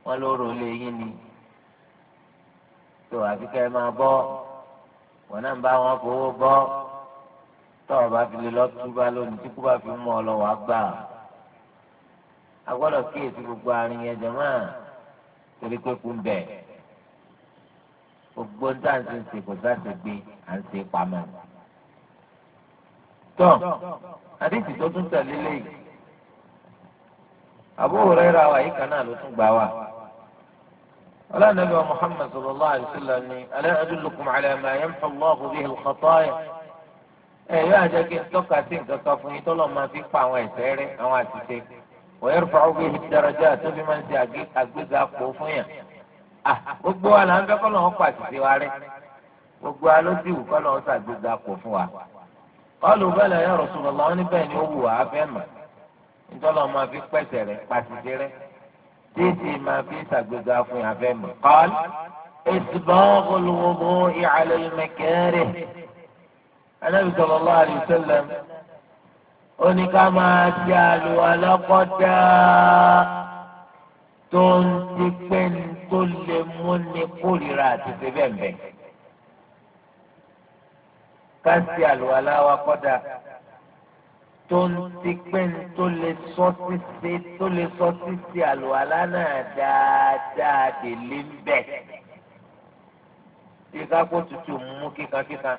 wọn lóró lé yín ni tó àfikẹ́ máa bọ́ wọn náà bá wọn fowó bọ́ tọ́wọ́ bá fi lè lọ́ọ́ túbá lónìí tí kú bá fi mú ọ lọ́wọ́ á agbọ́dọ̀ kíyèsí gbogbo àárín yẹn jẹ̀mọ́ torí pé kú ń bẹ̀. gbogbo ń tàn sí ṣe kò sáṣe gbé à ń ṣe pamọ́. tọ́ àdéhùn tó tún tẹ̀lé lẹ́yìn Abu Hurairah wa yìí kan náà ló tún gbà wá. ولا نبي محمد صلى الله عليه وسلم ألا أدلكم على ما يمحو الله به الخطايا أي يا جاكي توكا سين كفوني تولو ما في قاوة سيري أو أتسيكي ويرفع به الدرجات بمن أجوز أقوفيا ah gbogbo wa la ń fẹ́ kọ́lọ́ wọn pàṣẹ wa rẹ gbogbo wa ló sì wù kọ́lọ́ wọn ṣàgbéga pọ̀ fún wa kọ́lù bẹ́ẹ̀ ya Rasulullah wọn níbẹ̀ ni ó wù wá fẹ́ mọ̀ nítorí wọn fi pẹ̀sẹ̀ rẹ pàṣẹ fi ó ní ká máa ṣe àlùwàlá kódà tó ń ti pé ní tó lè mú ní kórìíra àti ṣe bẹ́ẹ̀ bẹ́ẹ̀. ká ṣe àlùwàlá wa kódà tó ń ti pé ní tó lè sọ ṣíṣe tó lè sọ ṣíṣe àlùwàlá náà dáadáa délé ń bẹ̀. bí kápó tutù mú kíkankíkan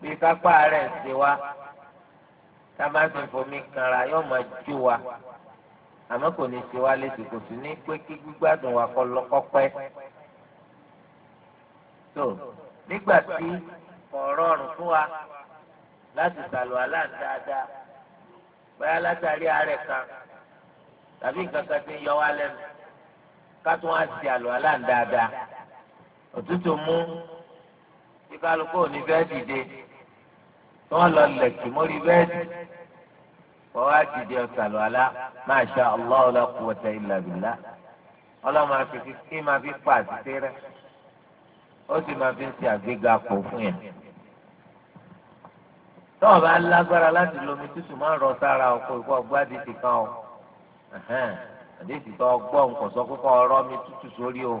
bí kápá rẹ̀ ṣe wá tábà sì fomi kanra yóò máa jó wa àmọ́ kò ní ṣe wá léṣe kò sí ní pé kí gbígbádùn wa kọ́ lọ́kọ́pẹ́. tó nígbà tí ọ̀rọ̀ ọ̀rùn fún wa láti sàlù aláǹdáadáa bóyá látàrí àárẹ̀ kan tàbí nǹkan kan ti ń yọ wá lẹ́nu ká tún wá sí àlù aláǹdáadáa òtútù mú kí kálukú ò ní fẹ́ dìde wọ́n lọ lẹ̀kì mórí bẹ́ẹ̀dì wọ́n wá dìde ọ̀sàlù alá masha Allah la quwwata illa billah ọlọ́mọ àfikí kí máa fi pa àtìsí rẹ̀ ó sì máa fi ń ṣe àgbéga pò fún yẹn. tọ́wọ́ bá lágbára láti lomi tútù máa ń rọ sára ọkọ ìkọ́ gbádìí ti kan o àdéhìí tó gbọ́ nǹkan sọ pé kọ́ ọ rọ́ mi tútù sórí o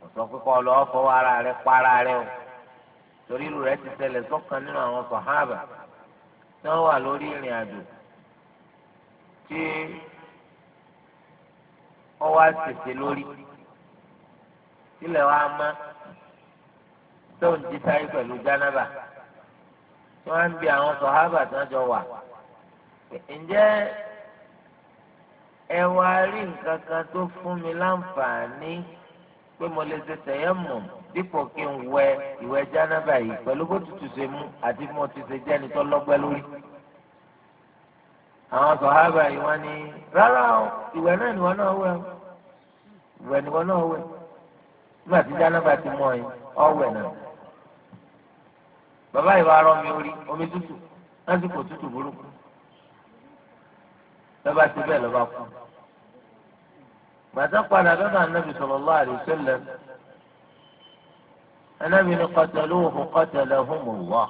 kò sọ pé kọ́ ọ lọ́ọ́ fọwọ́ ara rẹ pa ara rẹ o torí ìlú rẹ̀ ti ṣẹlẹ̀ sọ́kàn nínú àwọn sàhábà tí wọ́n wà lórí ìrìn àjò tí wọ́n wá tètè lórí sílẹ̀ wá má tó ń jí sáyé pẹ̀lú jánábà tí wọ́n á àwọn sàhábà tí wọ́n jọ wà ǹjẹ́ ẹ wá rí nǹkan kan tó fún mi láǹfààní pé mo lè ṣe tẹ̀yẹ́ mọ̀ dípò kí n wẹ ìwẹ̀ jánábà yìí pẹ̀lú bó tutù ṣe mú àti bí mo ti ṣe jẹ́ ẹni tó lọ́gbẹ́ lórí. àwọn sọ̀hábà yìí wọ́n ní rárá o ìwẹ̀ náà ni wọ́n náà wẹ̀ o ìwẹ̀ ni wọ́n náà wẹ̀ nígbà tí jánábà ti mọ̀ ẹ́ ọ̀wẹ̀ náà. bàbá ìwà arọ mi orí omi tútù lásìkò tútù burúkú lọ́ba ti bẹ́ẹ̀ lọ́ba kú. bàtà padà lọ́dọ̀ ànábì sallallahu alaihi wasallam Ànábì ní qataluhu qatalahumullah.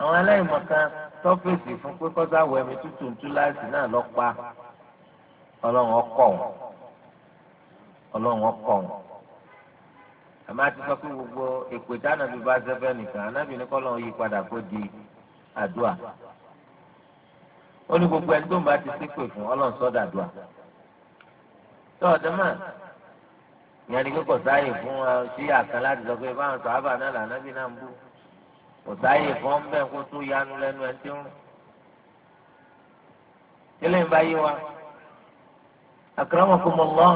àwọn aláìmọ̀kan tọ́fẹ̀sì fún pé kọ́sá wọ ẹ̀mí tútù ń tú láàsì náà lọ pa ọlọ́run ọkọ̀ wọn ọlọ́run ọkọ̀ wọn. àmọ́ àti sọ pé gbogbo èpè dáná bí bá sẹ́fẹ́ nìkan Ànábì ní kọ́lọ́run yí padà kó di àdúà ó ní gbogbo ẹni tó ń bá ti ṣépè fún ọlọ́run sọ́dọ̀ àdúà. tọ́ọ̀dẹ́mà ìyẹn ni pé kò sáàyè fún ọ uh, sí àkàn láti sọ pé báwọn sàábà náà là nábì náà ń bú kò sáàyè fún ọmọ bẹ́ẹ̀ kó tó yanu lẹ́nu ẹ̀ tí ń rìn. kílẹ̀ ń bá yé wa akramakumullah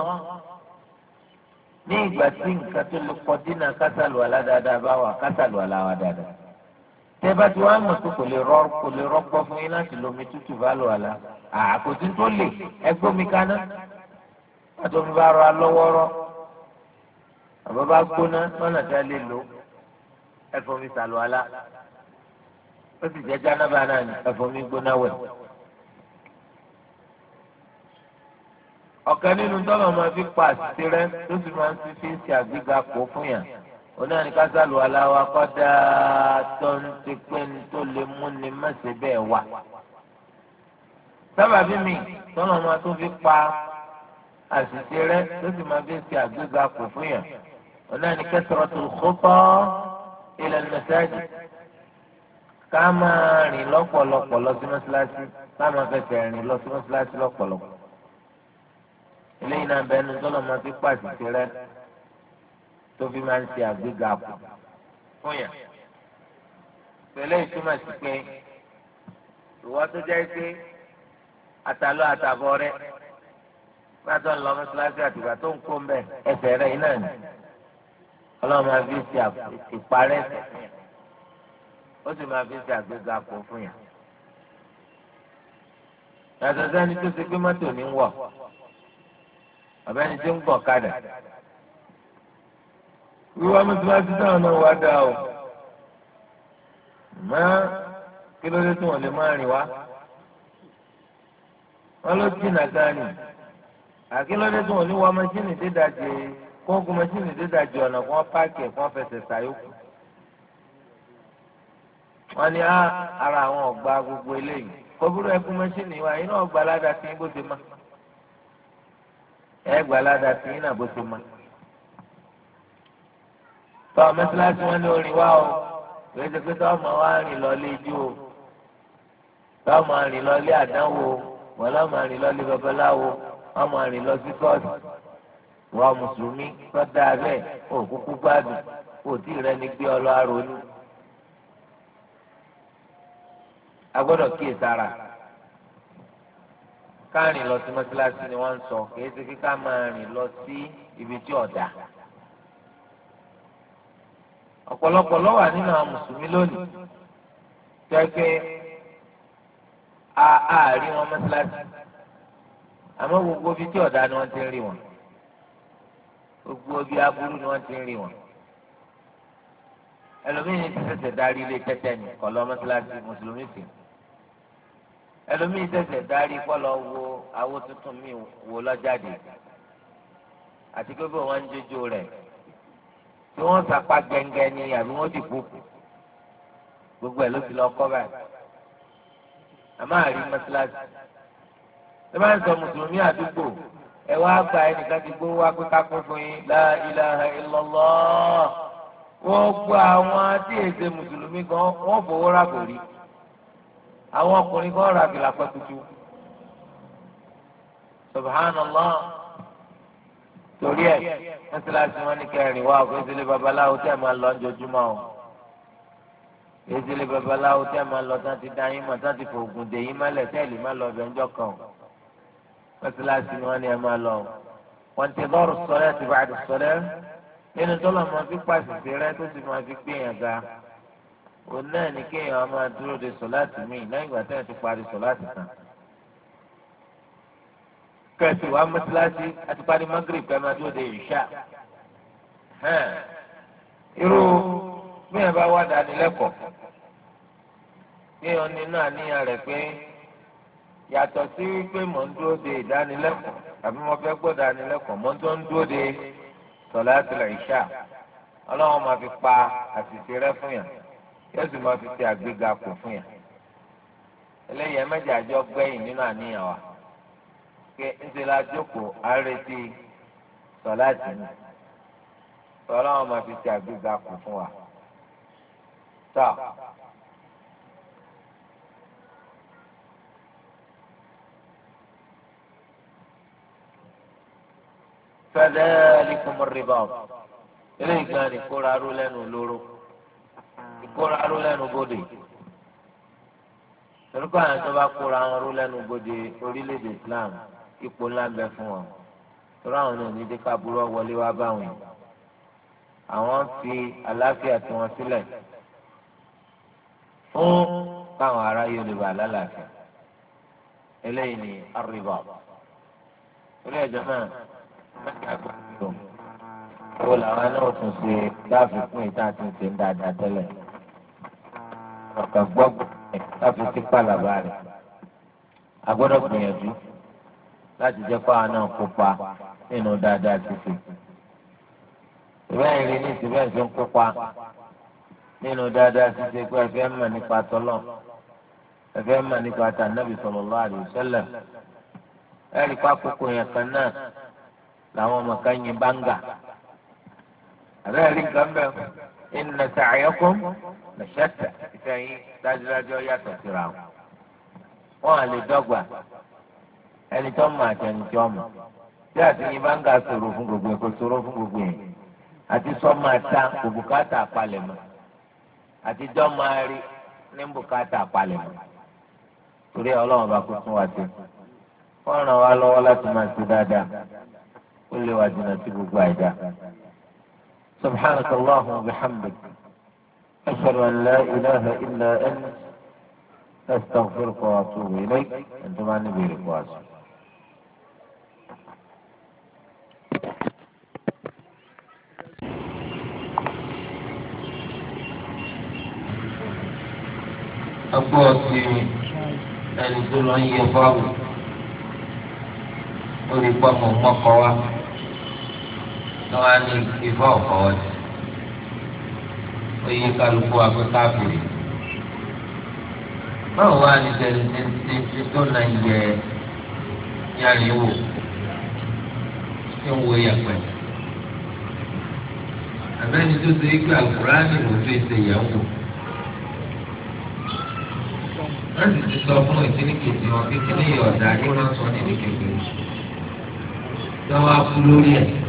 ní ìgbà tí nǹkan tó lè kọ dínà kásàlù aládáadáa bá wà kásàlù aláwa dáadáa tẹ bá ti wá mọ̀ tó kò lè rọ kò lè rọgbọ́ fún yín láti lomi tútù bá lò àlá àkòtí tó lè ẹgbómi kaná àtòmí bá rọ alọ́wọ́rọ́ àbá bá gbóná lọ́nà tí a lè lò ẹ̀fọ́mi sàlùwàlà ó sì jẹ́ jánábà náà ní ẹ̀fọ́mi gbóná wẹ̀. ọ̀kan nínú dọ́là máa fi pa àṣìṣe rẹ tó sì máa ń fi ṣe àgbéga pò fún yàn onáà ní ká sàlùwàlà wa kọ́ dáa tó ń ti pé ní tó lè mú ni mẹ́sẹ̀ bẹ́ẹ̀ wà. sábàbí mi dọ́là máa tún fi pa àṣìṣe rẹ tó sì máa fi ṣe àgbéga pò fún yàn ọlọ́ni kẹsàrọ́tò kópọ̀ ilẹ̀ mẹsàgì ká máa rìn lọ́pọ̀lọpọ̀ lọ sí mọ́sálásí ká máa fẹsẹ̀ rìn lọ sí mọ́sálásí lọ́pọ̀lọpọ̀ eléyìí náà bẹ́ẹ̀ ni tọ́lọ̀ máa fi pàṣẹ ti rẹ tó fi máa ń ṣe àgbéga àpò fún yà pẹ̀lẹ́ ìtumọ̀ sí pé ìwọ tó jẹ́ pé àtàlọ́ àtàbọ̀ rẹ gbàtọ́ ń lọ mọ́sálásí àtìgbà tó ń kó ń bẹ̀ ẹsẹ̀ rẹ̀ iná ni ọlọ́run máa fi ṣe ìparẹ́ ẹ̀ṣẹ̀ fún yàn ó sì máa fi ṣe àgbéga pọ̀ fún yàn. yàtọ̀ sẹ́ni tó ṣe pé mọ́tò ní wọ̀ àbẹ́ni tí ń gbọ̀ kadà wíwá mọ́tíláṣí náà náà wá dáa o mọ́ kí ló dé tí wọ́n lè máa rìn wá wọ́n ló jìnnà gan ni àkí ló dé wọ́n ní wá mọ́ṣíìnì dídájẹ́ kó wọn gun mẹsìnì dídàjì ọ̀nà kó wọn páàkì ẹ̀ kó wọn fẹsẹ̀ sàyókù. wọ́n ní ah, ara àwọn ọ̀gbà gbogbo eléyìí kọ́búrú ẹ̀kú mẹsìnì wa iná ọgbà aládàá ti ń bó ti má ẹgbàá aládàá ti ń nà bó ti má. tọ́ mẹ́sàlásí wọn ní orin wa o gbèsè pé tọ́ ọmọ wa rìn lọ lé o tọ́ ọmọ rìn lọ àdánwò o wọ́n lọ́ máa rìn lọ babaláwo wọ́n rìn lọ sí kọ́ọ̀sì. wọ́n mùsùlùmí lọ́dà bẹ́ẹ̀ ò kúkú gbádùn kò tí ì rẹni gbé ọ lọ àrònú. a gbọ́dọ̀ kíyè sára kárìn lọ sí mọ́sálásí ni wọ́n ń sọ kìí ṣe kíkà máa rìn lọ sí ibi tí ọ̀dà. ọ̀pọ̀lọpọ̀ ló wà nínú àwọn mùsùlùmí lónìí jẹ́ pé a a rí wọn mọ́sálásí àmọ́ gbogbo ibi tí ọ̀dà ni wọ́n ti rí wọn. gbogbo ibi aburú ni wọ́n ti ń rìn wọ́n ẹlòmíín ti ṣẹ̀ṣẹ̀ darí ilé tẹ́tẹ́ ní kọlọ mọ́sálásí mùsùlùmí sí ẹlòmíín ṣẹ̀ṣẹ̀ darí kọlọ wo awo tuntun mi wò lọ́jáde àti pé bí wọ́n ń jójó rẹ̀ tí wọ́n sapá gẹ́ngẹ́ ni àbí wọ́n ti kú gbogbo ẹ̀ ló ti lọ kọ́ báyìí àmọ́ àrí mọ́sálásí tí wọ́n bá ń sọ mùsùlùmí àdúgbò ẹ wá gba ẹnìkan ti gbó wá pé kápẹ́ fún yín la ilaha illallah wọ́n gba àwọn tí èsè mùsùlùmí gan wọ́n fowó rábò rí àwọn ọkùnrin kan rà bìlà pẹ́kutu subhanallah torí ẹ mọ́sálásí wọn ní kẹrin wá òfin sílé babaláwo tẹ́ ẹ máa lọ ọjọ́júmọ́ o ezele babaláwo tẹ́ ẹ máa lọ tán ti dá yín mọ̀ tán ti fògùn dè yín mọ́lẹ̀ tẹ́lẹ̀ má lọ ọbẹ̀ ńjọ́ kan o mọ́sálásí ni wọ́n ní ẹ máa lọ. wọ́n ti lọ́rù sọ́lẹ́ àti bàdì sọ́lẹ́ nínú tọ́lọ̀ máa fi pàṣẹsẹ rẹ tó ti máa fi gbìyàn ga. òun náà ní kéèyàn máa dúró de sọ́láàtì míì lẹ́yìn ìgbà tẹ́yìn ti parí sọ́láàtì tán. kẹsì wàá mọ́sálásí àti parí magrib kẹ́ máa dúró de ìṣá. irú bí ẹ bá wá dání lẹ́kọ̀ọ́ bí nínú àníyàn rẹ̀ pé yàtọ̀ sí wípé mò ń dúró de ìdánilẹ́kọ̀ọ́ àbí mo fẹ́ gbọ́ ìdánilẹ́kọ̀ọ́ mò ń tó ń dúró de sọ̀láàtìl ìṣà ọlọ́run máa fi pa àṣìṣe rẹ fún yàn yóò sì máa fi ṣe àgbéga kò fún yàn eléyìí ẹ̀mẹ́jì àjọ gbẹ̀yìn nínú àníyàn wa pé ńṣe la jókòó àrètí sọ̀láàtì ni ọlọ́run máa fi ṣe àgbéga kò fún wa. fadhalikum ar-ribaat eléyìí gan ni kóra aró lẹ́nu lóró kóra aró lẹ́nu bòde torúkọ àwọn tó bá kóra aró lẹ́nu bòde orílẹ̀-èdè Islam ipò ńlá ń bẹ fún wọn torọ àwọn náà ní dípà burú wọlé wá báwọn àwọn fi àlàáfíà tí wọn sílẹ̀ fún káwọn ará yóò lè wà lálàáfíà eléyìí ni ar orí ẹ̀jọ̀ náà wo làwọn náà tún ṣe láàfikún ìta àti ìṣe ń dáadáa tẹ́lẹ̀ ọ̀kà gbọ́gbọ́ láfi sí pàlàbà rẹ̀ a gbọ́dọ̀ gbìyànjú láti jẹ́ fáwọn náà kópa nínú dáadáa ṣíṣe ìbẹ́ẹ̀ rí ní ìsìnbẹ́ẹ̀ ṣe ń kópa nínú dáadáa ṣíṣe pé ẹ fẹ́ mọ̀ nípa tọ́lọ̀ ẹ fẹ́ mọ̀ nípa tànàbì sallallahu alaihi wasallam ẹ̀rí pákókò yẹn kan náà. làwọn ọmọ yin banga. àbẹ́rẹ́ rí nǹkan bẹ́ẹ̀ inna sa'yakum la shatta ìfẹ̀yìn dájúdájú yàtọ̀ síra o wọn à lè ẹni tó mọ àti ẹni tó mọ tí àti yin báńgà sọ̀rọ̀ fún gbogbo ẹ̀ kò fún gbogbo ẹ̀ àti sọ́mọ ta kò bùkátà palẹ̀mọ́ àti dọ́mọ arí ní bùkátà torí bá kó tún wá sí ràn wá واللي واجنا تبقى سبحانك اللهم وبحمدك أشهد أن لا إله إلا أنت أستغفرك وأتوب إليك أنت مع النبي الكواس أبو أسلمي أن تلعي فاضل ولي بامو مقواتي tó wá ní ìfọ̀ ọ̀fọ̀wọ́ jù ó yí kálukú akékàfìrì báwo wá ní tẹ̀lé tẹ̀lé tó na yẹ yàrá wò tó ń wo yàgbẹ́ abẹ́ni tó ṣe é gbé àgùránì ló tó ṣe yẹ̀ wò wọ́n sì ti sọ fún ìkíníkèjì wọn kékeré ọ̀dà ní wọ́n sọ ní ìdíkèjì tí wọ́n á kú lórí ẹ̀.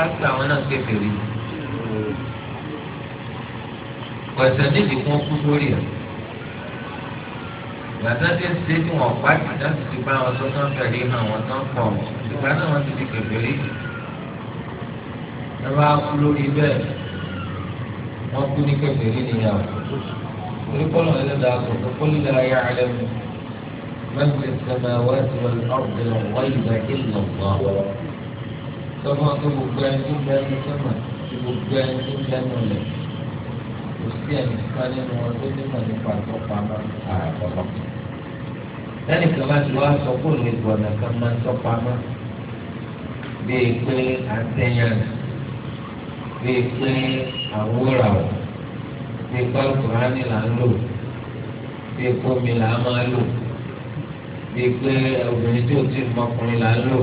àṣà wọn kékeré pẹ̀sẹ̀ nídìí kún kú sórí ẹ̀ gbàtà tí ń ṣe tí wọ́n pa gbàtà tí ti bá wọn tó tán fẹ̀rí hàn wọ́n tán pọ̀ ìgbà náà wọ́n ti di kékeré ẹ bá kú lórí bẹ́ẹ̀ wọ́n kú ní kékeré nìyàwó torí kọ́lọ̀ ẹlẹ́dà sọ tó kó lílẹ̀ ayé alẹ́ mu mẹ́tìlẹ̀ sẹ́mẹ̀ wẹ́ẹ̀sì wọn ọ̀gbìn ọ̀gbọ́n ìgbà kí n lọ sọfún ọkọ gbogbo ẹni tó bẹ ẹni tó mọ àti gbogbo ẹni tó bẹ ẹni lẹ kò sí ẹni kan nínú wọn tó nímọ̀ nípa àtọpamọ àtọlọ lẹ́nu kan bá ti wá sọ kó lè gbọ̀nà kan máa tọpamọ bíi pé àtẹyàn bíi pé àwòrà ò bíi pé kùránì là ń lò bíi pé omi là ń máa lò bíi pé obìnrin tó ti mọkùnrin là ń lò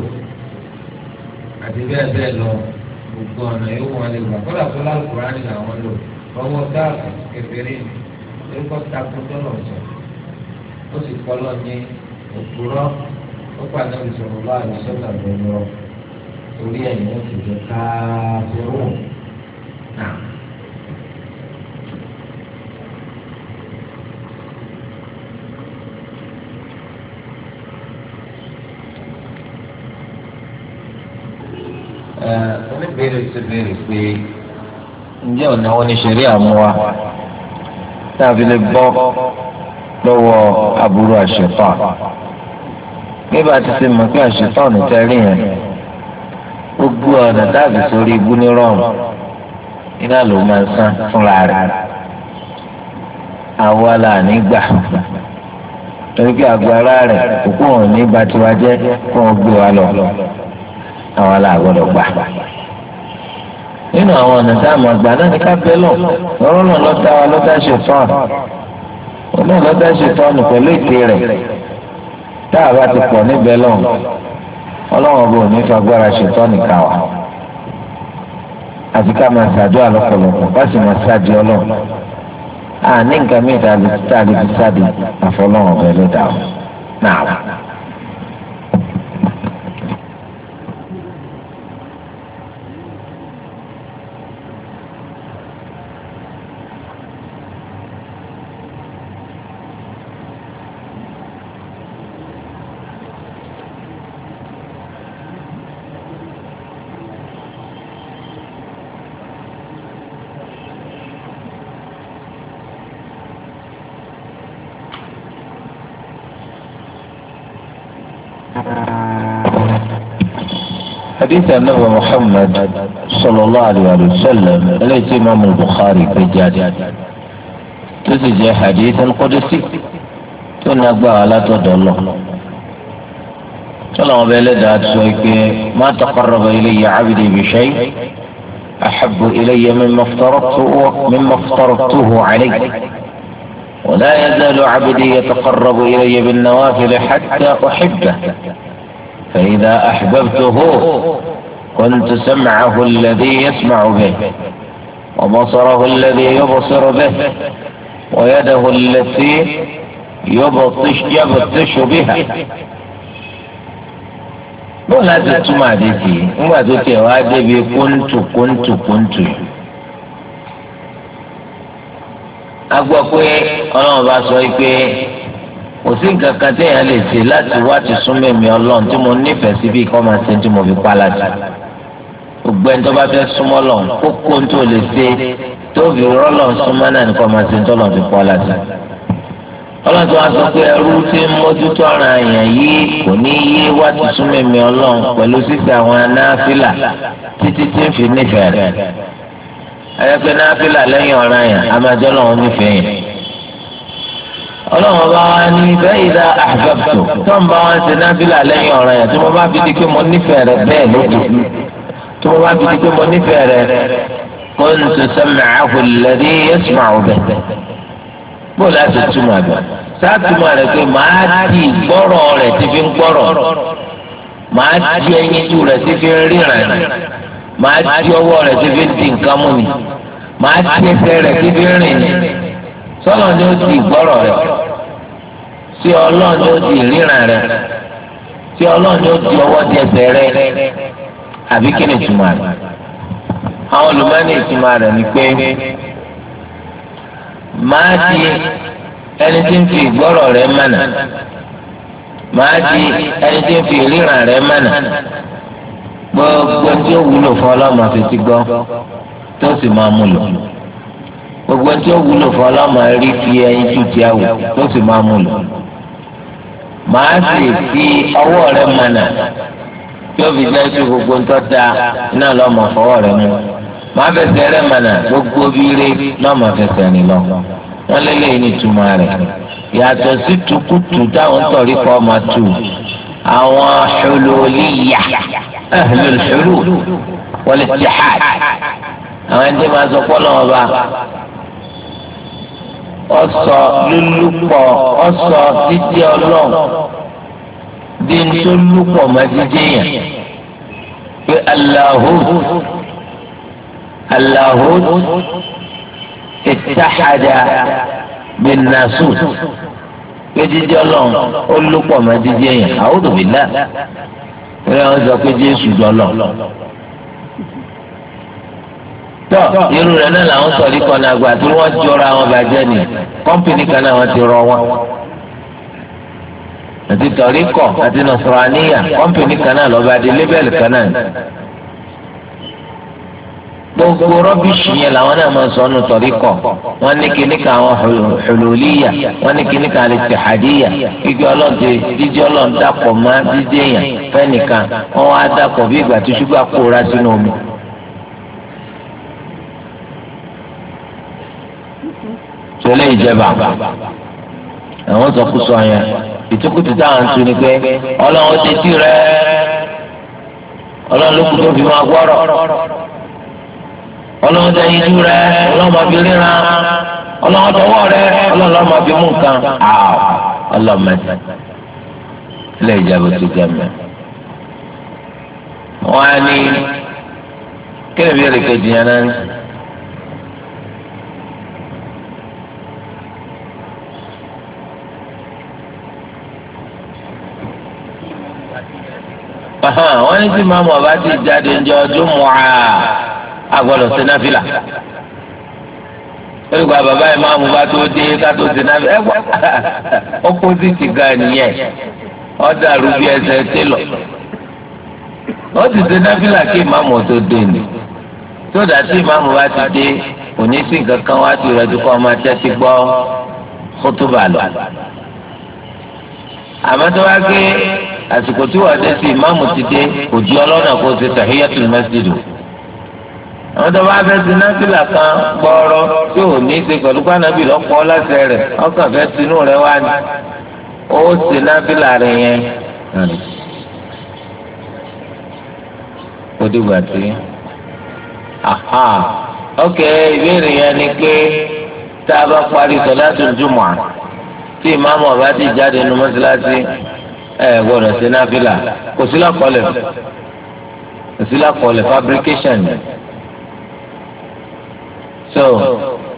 àti bẹ́ẹ̀ bẹ́ẹ̀ lọ gbogbo ọ̀nà yóò wọn lè gbà kọ́dà tó lálùkùrá ni làwọn lò lọ́wọ́ dáàbò kékeré ni orúkọ takò tọ́lọ̀ sọ ó sì kọ́lọ́ ní òpùrọ́ ó pàdé ìṣòro bá àlùsọ́nà lọ́wọ́ torí ẹ̀yìn ó ti jẹ káàkiri náà. béèrè sí béèrè pé ǹjẹ́ ọ̀nà wọn ni ṣẹ̀rí àmú wa tá a fi lè bọ́ lọ́wọ́ aburú àṣẹfà nígbà tí ti mọ̀ pé àṣẹfà ọ̀nà tẹ́ rí yẹn gbogbo ọ̀nà dáàbì sórí ibú ní rọrùn iná ló máa ń san fúnra rẹ̀ àwa là nígbà torí pé agbára rẹ̀ òkú òun ní bá tiwa jẹ́ kó o gbé wa lọ àwa là gbọ́dọ̀ gbà nínú àwọn ọ̀nà tá a mọ̀ gbà náà ní ká bẹ́ lọ ọ̀rọ̀ náà lọ́tà wa lọ́tà ṣe tán ọ̀nà lọ́tà ṣe tán pẹ̀lú ète rẹ̀ tá a bá ti pọ̀ níbẹ̀ lọ ọlọ́wọ́n bò ní fagbára ṣe tán nìka wa àti ká máa ṣàdúrà lọ́pọ̀lọpọ̀ bá sì máa ṣáàdì ọlọ́run àní nǹkan mìíràn tá a lè fi ṣáàdì àfọlọ́wọ́n bẹ́ẹ̀ ló dà ó náà. حديث النبي محمد صلى الله عليه وسلم ليس إمام البخاري في الجاد تسجى حديث القدسي تنبأ على تدله الله بلدات سويك ما تقرب إلي عبدي بشيء أحب إلي مما افترضته مما افترضته عليه ولا يزال عبدي يتقرب إلي بالنوافل حتى أحبه فإذا أحببته قلت سمعه الذي يسمع به وبصره الذي يبصر به ويده التي يبطش يبطش بها ولا تسمع ذاتي وما ذاتي واجبي كنت كنت كنت أقوى كوي أنا بأس kò sí nǹkan kan si lè ṣe láti wá ti súnmọ́ èmi ọlọ́run tí mo nífẹ̀ẹ́ sí bí kọ́ máa ṣe tí mo fi pa láti. gbogbo ẹni tó bá fẹ́ súnmọ́ kókó tó lè ṣe tó fi rọ́lọ̀ súnmọ́ náà ní kọ́ máa ṣe tó lọ́n fi pa láti. ọlọ́run tó sọ pé ẹrú tí ń mójútó ara èèyàn yìí kò ní yé ti súnmọ́ ọlọ́run pẹ̀lú àwọn anáfílà títí tí ń fi nífẹ̀ẹ́ rẹ̀. ọlọ́run bá wá ní fẹ́yìdá àgbàbọ̀ tó ń bá wá ń ṣe nábìlà lẹ́yìn ọ̀rọ̀ yẹn tí mo bá fi di pé mo nífẹ̀ẹ́ rẹ bẹ́ẹ̀ lókè tí mo bá fi di pé mo nífẹ̀ẹ́ rẹ mo ń tún sẹ́mi àhùlẹ́rí yẹ́sùmá ọ̀bẹ bó láti túmọ̀ àbẹ̀ sátúmọ̀ rẹ pé màá di gbọ́rọ̀ rẹ ti fi ń gbọ́rọ̀ màá di ẹyin jù rẹ ti fi ń ríran ni màá di ọwọ́ rẹ ti fi ń di nǹkan mú ni màá di ẹsẹ̀ rẹ ti fi ń rìn ni sọ́lọ́n ó di ìgbọ́rọ̀ rẹ̀ sí ọlọ́run ó di ìríran rẹ̀ sí ọlọ́run ó di ọwọ́ di ẹsẹ̀ rẹ̀ àbí kí ni ìtumọ̀ rẹ̀ àwọn olùmọ́ni ìtumọ̀ rẹ̀ ni pé máa di ẹni tí ń fi ìgbọ́rọ̀ rẹ̀ mọ̀nà máa di ẹni tí ń fi ìríran rẹ̀ mọ̀nà gbogbo tí ó wúlò fún ọlọ́run àfi ti gbọ́ tó sì máa mú lò gbogbo ẹni tí ó wúlò fún ọlọ́mọ rí fi ẹyin tù tí a wù tó sì máa mú lò màá sì fi ọwọ́ rẹ mọ̀nà tí ó fi jẹ́ sí gbogbo ń tọ́ta náà lọ́mọ fọwọ́ rẹ mú màá fẹsẹ̀ rẹ mọ̀nà gbogbo bíire lọ́mọ fẹsẹ̀ rìn lọ wọ́n lélẹ́yìn ní ìtumọ̀ rẹ̀ yàtọ̀ sí tukutu táwọn tọ̀rí kọ́ ọmọ tù àwọn hululiyya ahlul hulul wal ittihad àwọn ẹni tí ọsọ lólùpọ̀ ọsọ dídí ọlọ́run bí n tó lùpọ̀ má dídí yẹn pé aláhù aláhù ìtàhàdà bin nasus pé dídí ọlọ́run ó lùpọ̀ má dídí yẹn àwùjọ bìlá ìrẹ́ wọn sọ pé jésù jọlọ tọ́ irú rẹ̀ náà làwọn sọ̀rí kan náà gbà tí wọ́n jọra wọn bàjẹ́ ni kọ́mpìnì kan náà wọ́n ti rọ wọn àti tọ̀ríkọ̀ àti nọ̀sọ̀ràníyà kọ́mpìnì kan náà lọ́ba di lébẹ̀lì kan náà gbogbo rọ́bìṣì yẹn làwọn náà máa sọ ọ́nù tọ̀ríkọ̀ wọ́n ní kíní kan àwọn hululiyya wọ́n ní kíní kan al-ittihadiyya gbígbé ọlọ́ọ̀dẹ jíjẹ́ ọlọ́ọ̀dàpọ̀ máa jíjẹ́ yẹn fẹ́nìkan wọ́n wá dàpọ̀ bí ìgbà tó ṣúgbà kóra sínú omi. tẹlẹ ìjẹba àwọn sọkúsọ yẹn ìtukùtù táwọn tún ni pé ọlọ́run ti tì rẹ ọlọ́run ló kù tó fi máa gbọ́rọ̀ ọlọ́run tẹ yín jù rẹ ọlọ́run máa fi ríran ọlọ́run tọwọ́ rẹ ọlọ́run máa fi mú nǹkan ọlọ́run mẹ́ta tẹlẹ ìjẹba tó jẹ mẹ́ta á ní kí ni bí èrè yẹn náà ní. wọ́n ní tí màmú ọba ti jáde ń jẹ ọdún mọ́ra agbọ́dọ̀ sí náfìlà olùkọ́ bàbá ìmáàmù bá tó dé kátó sí náfìlà ẹ̀gbọ́n opposite gan nìyẹn ọ̀dà rúbí ẹsẹ̀ télọ̀ ó ti sí náfìlà kí ìmáàmù tó dé ni tó dà tí ìmáàmù bá ti dé òní sí nǹkan kan wá ti rẹ̀ dúkọ́ ọmọ tẹ́tí gbọ́ kótó bàlọ́ àmọ́ tó wá gbé àsìkò tí wàá dé sí ìmáàmù ti dé kò di ọlọ́nà kó ṣe tahiyatul masjid àwọn tó bá fẹ́ ti náfìlà kan gbọ́ọ́rọ́ tí ò ní í ṣe pẹ̀lú pànàbì lọ́pọ̀ lásẹ̀ rẹ̀ ọkàn fẹ́ tinú rẹ̀ wá ní ó ṣe náfìlà rẹ̀ yẹn. ó dìgbà tí ok ìbéèrè yẹn ni pé tá a bá parí sọ̀látùl jumu'ah tí ìmáàmù ọ̀bá ti jáde nu mọ́ṣáláṣí ẹ gbọ́dọ̀ ṣe náfìlà kò sí lákọọ́lẹ̀ kò sí lákọọ́lẹ̀ fabrication ni so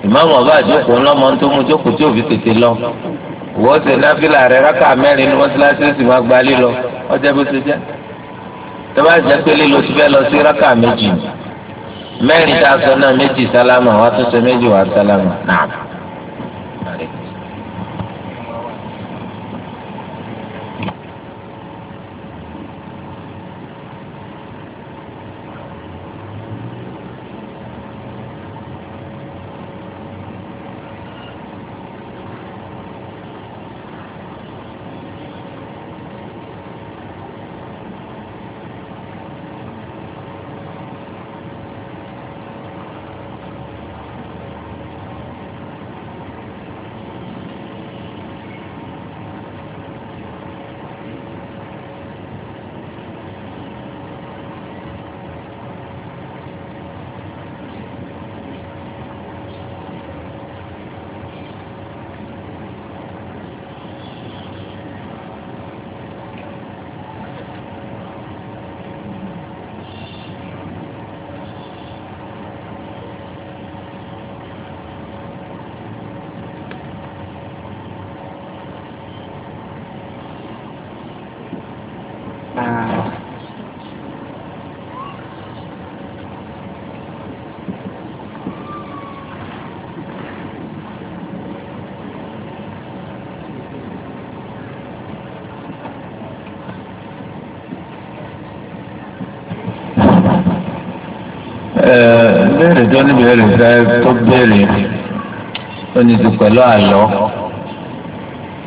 ìmáàmù ọba àjókòó ńlọmọ tó mú jókòó tí òfin tètè lọ wọ́n ṣe náfìlà rẹ rákà mẹ́rin ní mọ́ṣáláṣí sì máa gba lílọ ọjọ́ bó ṣe jẹ́ tọ́ba jẹ́ pé lílo ti fẹ́ lọ sí rákà méjì mẹ́rin tá a sọ náà méjì sálámà wàá tún ṣe méjì wàá sálámà náà. béèrè tó ní béèrè fẹ́ tó béèrè ó ní ti pẹ̀lú àlọ́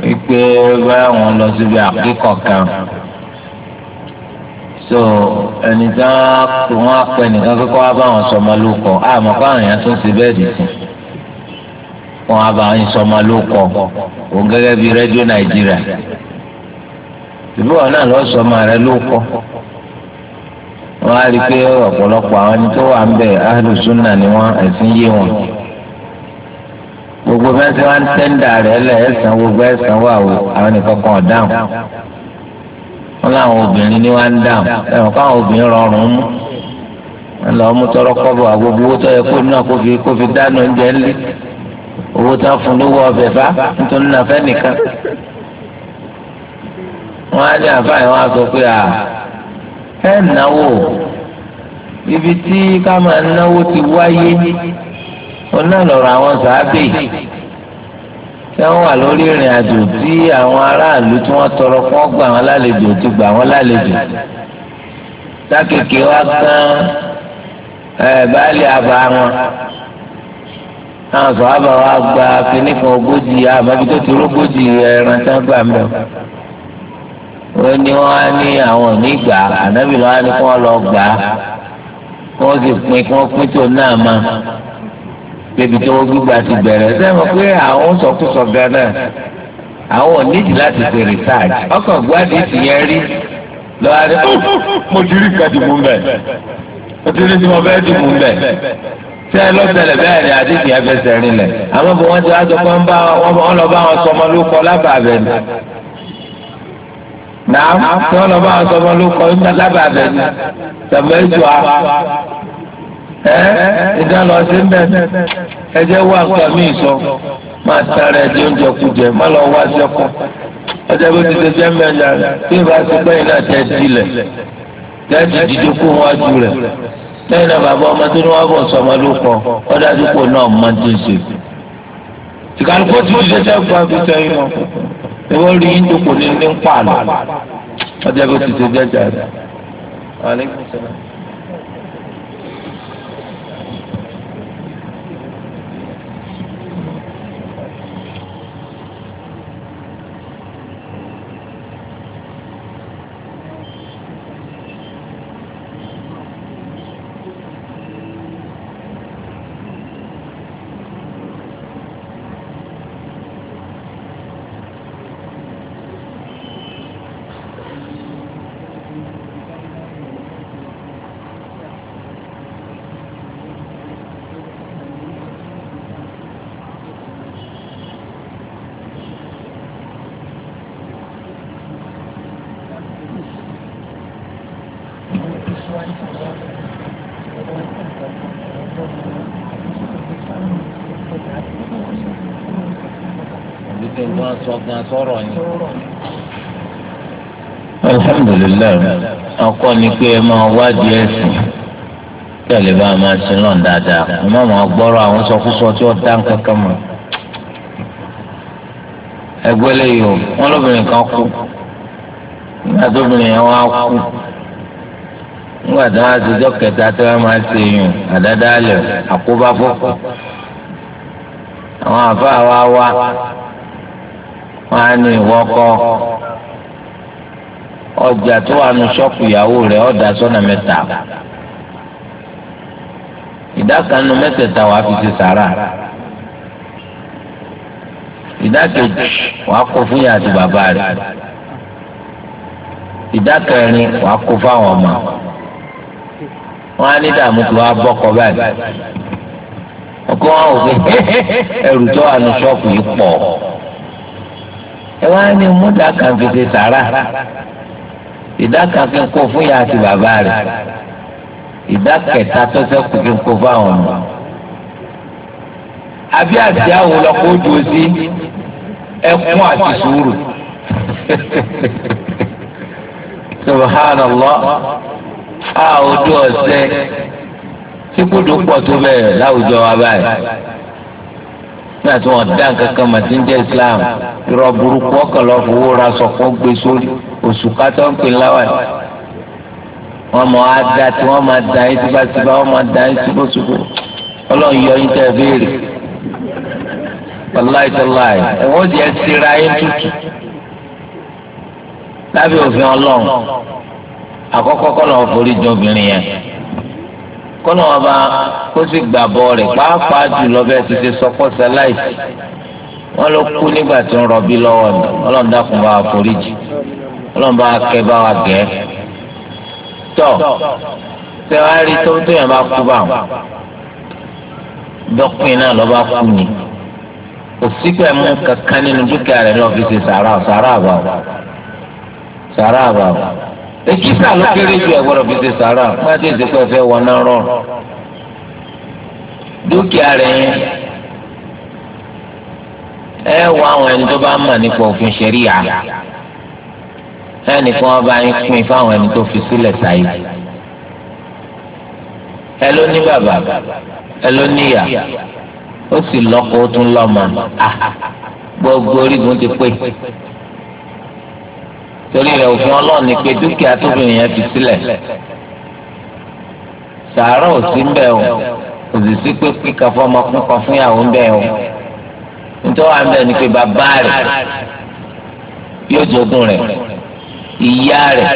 wípé báyà wọn lọ síbi àkíkọ̀ kan so ẹni tí wọn kò wọn pẹ nìkan kókó wá bá wọn sọmọ lóko àmọ́ kó àwọn èèyàn tó ń ṣe bẹ́ẹ̀ dì sí wọn á bá wọn sọmọ lóko òun gẹ́gẹ́ bíi rédíò nàìjíríà ìbúwọ̀n náà lọ sọmọ rẹ lóko wọ́n á rí i pé ọ̀pọ̀lọpọ̀ àwọn ẹni tó wà ń bẹ̀ ahlùsúnà ni wọ́n ẹ̀sìn yé wọn. gbogbo bẹ́ẹ̀ tí wọ́n ń tẹ́ńdà rẹ̀ lẹ̀ ẹ̀sán gbogbo ẹ̀sán wà wò àwọn nìkan kan ọ̀dáhùn. wọ́n láwọn obìnrin ni wọ́n ń dáhùn ẹ̀wọ̀n káwọn obìnrin rọrùn mú. wọ́n lọ mú tọrọ kọ́bọ̀ àgbogbo owó tó yẹ kó náà kó fi kó fi dáná oúnjẹ ńlẹ̀ owó tó fún lówó ọbẹ̀ bá ẹ náwó ibi tí ká máa náwó ti wáyé wọn náà lọ́rọ̀ àwọn sàábè tí wọ́n wà lórí ìrìn àjò tí àwọn aráàlú tí wọ́n tọrọ fún ọgbà wọn lálejò ti gbà wọn lálejò sákèké wa gan ẹ baálé àbá wọn àwọn sọ̀rọ̀ àbá wa gba kíní ogójì àmọ́ ibi tó ti rógójì ẹran tí wọ́n gbà mẹ́wàá ó ní wọn á ní àwọn onígbà ànábì lọ́wọ́ á ní kí wọ́n lọ gbà á kí wọ́n sì pín kí wọ́n pín tó náà mọ́ bébí tó wọ́n gbígbà ti bẹ̀rẹ̀ sẹ́wọ̀n pé àwọn sọkúsọ gan náà àwọn onídìí láti ṣe rìsáàjì ọkàn gbádìí ti yẹn rí lọ́wọ́ á ní mo ti rí ìkàdì mú bẹ̀ mo ti rí ìmọ̀ bẹ́ẹ̀ dì mú bẹ̀ tẹ ẹ lọsẹlẹ bẹ́ẹ̀ ni àdìsí ẹfẹsẹ rinlẹ àmọ́ bí wọn ti wá sọ pé wọn lọ bá wọn sọmọ kọ lábàá bẹ́ẹ̀ ni náà tí wọn lọ bá wọn sọmọ ló kọ iná lábàbẹ ni tẹmẹ ìjọ a ẹ ìdá lọ sí mbẹ ẹjẹ wà nǹkan mí sọ máa tara ẹjẹ oúnjẹ kú jẹ má lọ wá sẹkọ ọjọ́ bó ti ṣe jẹ mbẹ ńlá tí ìbá ti pẹ́yìn náà tẹ dilẹ̀ gẹ́gẹ́ dídí kú wájú rẹ̀ lẹ́yìn náà bàbá ọmọ tó ní wọ́n bọ̀ sọmọ ló kọ ọdọ àdúgbò náà mọ́ ti ń ṣe. ìkàlùkò tí ó ṣe jẹ́ gbọ́ àbújá yìí náà ìwọ rí yín tó kò ní ní ń pààlọ́ ọjọ́ bó ti ṣe jẹ́jà rẹ̀. pé wọ́n sọ gan sọ̀rọ̀ ni. alhamdulilayi ọkọ ni pé ẹ máa wádìí ẹsìn tẹ̀lé bá a máa sin náà dáadáa ẹ má máa gbọ́rọ̀ àwọn sọkúsọ tí wọ́n dá nǹkan kan mọ̀. ẹgbẹ́ lẹ́yìn o wọ́n lóbìnrin kan kú nígbà tó obìnrin yẹn wá kú nígbà tó wá sojọ́ kẹta tó wá máa ṣe yùn àdáda lẹ̀ àkóbá fọ́fọ́ àwọn àfa wa wá. wọn ní ìwọ kọ ọjà tó wà nù ṣọ́ọ̀pù ìyàwó rẹ̀ ọ̀dà sọ́nà mẹ́ta ìdákanu mẹ́tẹ̀ẹ̀ta wàá fi ti sàrà ìdákejì wàá kó fún yàrá bàbá rẹ̀ ìdákẹrin wàá kó fáwọn ọmọ wọn á ní dààmú tó wàá bọ́kọ báyìí ọkọ wọn ò fi ẹrù tó wà nù ṣọ́ọ̀pù yìí ẹ wá ní múdà kan fi ṣe sàrà ìdá kan fi ń kó fún ìyá àti bàbá rẹ̀ ìdá kẹta tó ṣẹ́kù fi ń kó fáwọn ọmọ àbí àti àwọn ọlọ́pàá ojú sí ẹkún àti sùúrù subhanallah a ojú ọ̀sẹ̀ tí kò dùn pọ̀ tó bẹ́ẹ̀ láwùjọ wa báyìí náà tí wọ́n dá nǹkan kan ń jẹ́ islam irọ́ burúkú ọkàn lọ fowó ra sọ̀kọ́ gbé sórí oṣù kátó ń pè láwà yìí wọ́n mọ̀ á da tí wọ́n máa da yín síbáṣíbá wọ́n máa da yín síbòsíbò ọlọ́run yọ yín tẹ́ béèrè wàláì tọ́láì ẹ̀wọ́n ti ẹ̀ sira yín tútù lábẹ́ òfin ọlọ́run àkọ́kọ́ kọ́ lọ́ọ́ jọ obìnrin yẹn kọ́nà ọba kó sì gbàbọ̀ rẹ̀ pàápàá jùlọ bẹ́ẹ̀ ti ṣe sọ́kọ́ sẹ́láìsì wọ́n ló kú nígbà tí ń rọbí lọ́wọ́ mi ọlọ́run dákun bá wa foríjì ọlọ́run bá wa kẹ́ bá wa gẹ́ tọ́ tẹ́wárí tó tóyàn bá kú bá wọn dọ́pin náà lọ́ba kú ni kò sí kankan nínú dúkìá rẹ̀ lọ́ọ́ fi ṣe sàrà sàrà àbàwọ̀ sàrà àbàwọ̀ èkìtà ló kéré ju ẹ̀gbọ́dọ̀ fi ṣe sàrà pàtó ìsìnkú ẹ̀fẹ́ wọn náà rọrùn. dúkìá rẹ̀ yẹn ẹ wọ àwọn ẹni tó bá mọ̀ nípa òfin ṣẹ̀ríyà ẹnìkan ọba yín pín fáwọn ẹni tó fi sílẹ̀ sáyé. ẹ ló ní bàbá ẹ ló níyà ó sì lọ́kọ ó tún lọ́mọ ah, gbogbo orígun ti pé torí rẹ̀ òfin Ọlọ́run ni pé dúkìá tóbìnrin yẹn fi sílẹ̀ sàárà ò sí mbẹ o kò sì sí pé kíkà fọmọ kúkan fún ìyàwó mbẹ o nítorí wà mbẹ ni pé bàbá rẹ̀ yóò jogún rẹ̀ ìyá rẹ̀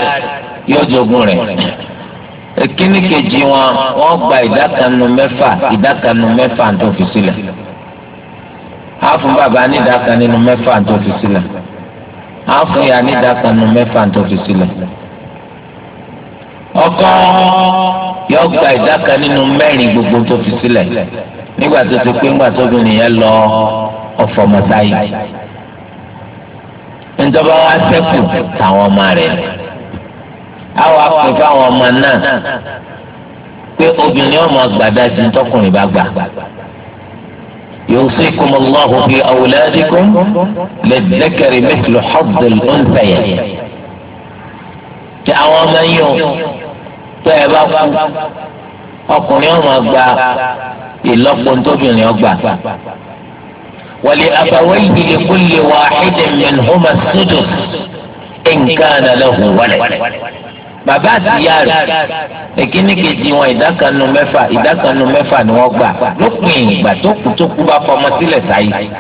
yóò jogún rẹ̀ kíní kejì wọn wọ́n gba ìdákanu mẹ́fà ìdákanu mẹ́fà tó fi sílẹ̀ á fún bàbá ní ìdákanu mẹ́fà tó fi sílẹ̀ á fún ya ní ìdákanu mẹ́fà tó fi sílẹ̀. ọkọ yọ gba ìdáka nínú mẹ́rin gbogbo tó fi sílẹ̀ nígbà tó ti pé ńgbà tóbìnrin yẹn lọ ọ̀fọ̀mọ̀sáyé. ìjọba wa sẹ́kù táwọn ọmọ rẹ̀ àwọn akpè fáwọn ọmọ náà pé obìnrin ọmọ gbàdájú tọkùnrin bá gbà. يوصيكم الله في أولادكم للذكر مثل حظ الأنثيين تعوام أيوم تعبق أقول يوم أقبع إلا قلت بني أقبع ولأبويه لكل واحد منهما السدس إن كان له ولد bàbá àtìyá rẹ̀ èkíní kejì wọn ìdákanu mẹ́fà ìdákanu mẹ́fà ni wọ́n gbà lópin ìgbà tó kù tó kú bá fọmọ sílẹ̀ sáyé.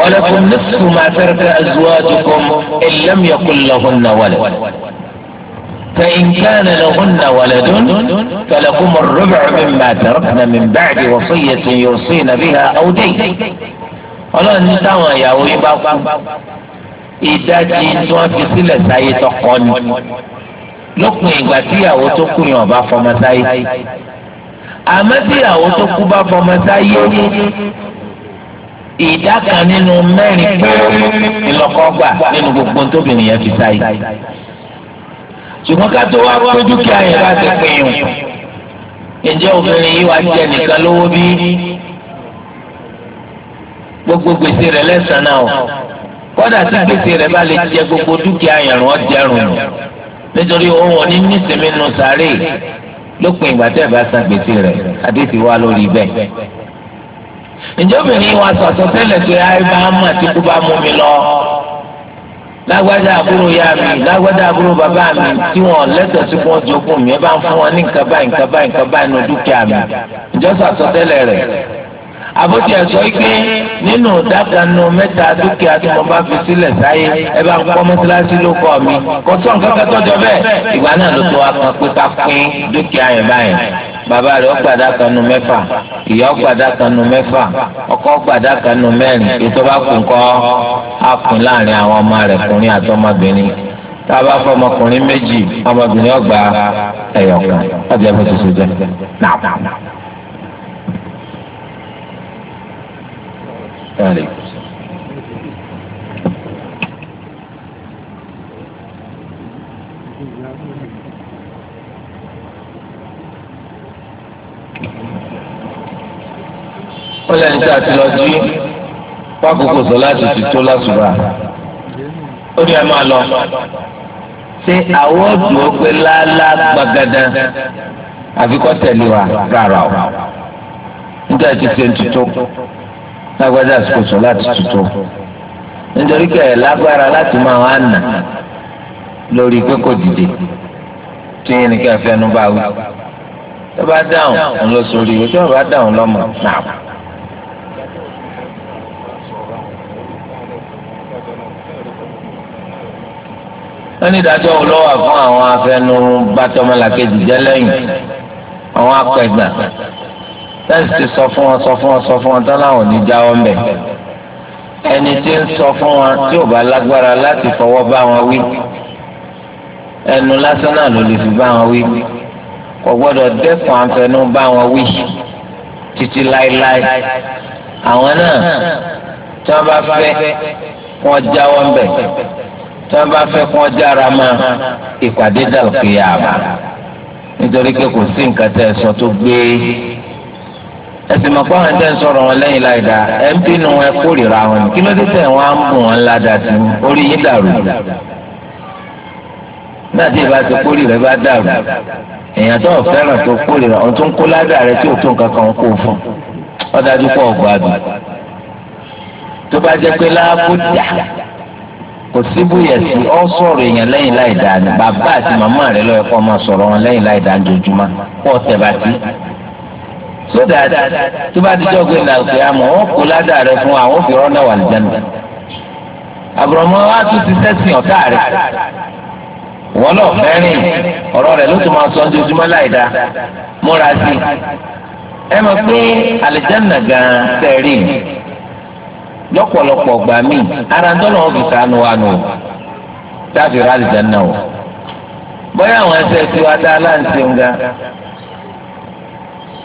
ولكم نصف ما ترك أزواجكم إن لم يكن لهن ولد فإن كان لهن ولد فلكم الربع مما تركن من بعد وصية يوصين بها أو دين. ọlọ́run ní يا ìyàwó ìdajì tí wọ́n fi sílẹ̀ sáyé tọkọ ni lópin ìgbà tíyàwó tó kù yàn bá fọmọ sáyé àmọ́ tíyàwó tó kù bá fọmọ sáyé ìdá kan nínú mẹ́rin péré ńlọkọ gbà nínú gbogbo tóbìnrin yẹn fi sáyé ṣùgbọ́n ká tó wá pé dúkìá yẹn bá ti pín in ǹjẹ́ obìnrin yìí wá jẹ nìkan lówó bí gbogbo gbèsè rẹ̀ lẹ́sàn-án náà kódà tí gbèsè rẹ̀ bá lè jẹ gbogbo dúkìá yẹ̀rùn ọ̀jẹ̀rùn nù nítorí òun òní nísìmí nù sàárè lópin ìgbà tẹ́ ẹ̀ bá san gbèsè rẹ̀ àdéhùn wa lórí bẹ́ẹ̀. ǹjẹ́ obìnrin wa sọ̀tọ̀ tẹ́lẹ̀ pé àìbá mà tí kú bá mú mi lọ lágbádá àbúrò ya mi lágbádá àbúrò bàbá mi tí wọn lẹ́tọ̀ọ́ sí fún ọjọ́ kùn mi ẹ bá ń fún wọn ní nǹkan báyìí nǹkan báyìí nǹkan báyìí nù dúkìá mi ǹjọ́ sọ̀tọ̀ tẹ́lẹ̀ rẹ̀ àbótí ẹ̀sọ́ ike nínú dákanu mẹ́ta dúkìá tí mo bá fi sílẹ̀ sáyé ẹ bá ń kọ́ mọ́sálásí ló kọ́ mi kò tó nǹkan kan tọ́jọ bẹ́ẹ̀ ìgbà náà ló tó akàn pé ká pín dúkìá yẹn báyìí bàbá rẹ̀ ọ̀gbàdá kanu mẹ́fà ìyá ọ̀gbàdá kanu mẹ́fà ọkọ ọ̀gbàdá kanu mẹ́rin ètò bá kún kọ́ á kún láàrin àwọn ọmọ rẹ̀ kùnrin àti ọmọbìnrin tá a bá fọ ọmọkùnrin méjì ọmọbìnrin ọgbà ẹ̀yọ̀kan ọ̀jẹ̀ bó so jẹ́ náà. عليكم السلام wọ́n lẹ́yìn tí ti lọ jí fákòókò sọ láti ti tó lásùbà ó ní ẹ máa lọ ṣé àwọn ọ̀dùn ó pé àfikọ́ tẹ̀lé wa rárá lágbájá àsìkò sọ láti tutù nítorí kẹ ẹ lágbára láti máa wá nà lórí pé kò dìde tí yín ni kẹ fẹnu bá wí tó bá dáhùn ń lọ sórí ìwé tó bá dáhùn lọmọ náà. wọ́n ní ìdájọ́ wo ló wà fún àwọn afẹnubátọmọlàkejì jẹ́ lẹ́yìn àwọn akọ ẹ̀gbà tẹ́sítì sọ fún wọn sọ fún wọn sọ fún wọn tán láwọn ò ní jáwọ́ ń bẹ̀. ẹni tí ń sọ fún wọn tí ò bá lágbára láti fọwọ́ bá wọn wí ẹnu lásán náà ló lè fi bá wọn wí kò gbọ́dọ̀ dẹ́kun àfẹnú bá wọn wí títí láéláé àwọn náà tí wọ́n bá fẹ́ kí wọ́n jáwọ́ ń bẹ̀ tí wọ́n bá fẹ́ kí wọ́n jára máa ìpàdé dàlùkì yàrá nítorí pé kò sí nǹkan tẹ́ sọ tó gbé ẹsìn mọ̀ fún àwọn tẹ́ ń sọ̀rọ̀ wọn lẹ́yìn láì dáa ẹ̀ ń bínú ẹ kórìíra wọn kí ló dé tẹ̀ wọ́n á ń bùn wọn ládàá sí orí yín dàrú náà tí ìbá ti kórìíra bá dàrú èèyàn tó fẹ́ràn tó kórìíra ọ̀n tó ń kó ládàá rẹ tí ò tó nǹkan kan kó fún ọ dájú pọ̀ gbádùn tó bá jẹ́ pé láàbùdà kò síbú yẹ̀sì ọ́ sọ̀rọ̀ èèyàn lẹ́yìn láì ni bàbá àti màmá rẹ lọ́yẹ̀kọ́ máa sọ̀rọ̀ wọn lẹ́yìn láì dáa lójúmọ́ sódà tó bá dijọ́ gbé làgbé àmọ́ ó kó ládàá rẹ fún àwọn òfin rọ́nà wà lẹ́nu. àbùrọ̀mọ́ wa tún ti sẹ́sìn ọ̀tá rẹ̀ wọ́n lọ fẹ́rìn ọ̀rọ̀ rẹ̀ ló tún máa sọ ojoojúmọ́ láìda múra sí i. ẹ mọ̀ pé àlìjáná gan-an tẹ̀rí lọ́pọ̀lọpọ̀ gbà mí ara ń tọ́lọ́ fi sànù wa nù táfi rà àlìjáná o. bóyá àwọn ẹsẹ̀ tiwa dá aláǹsẹ̀ ń ga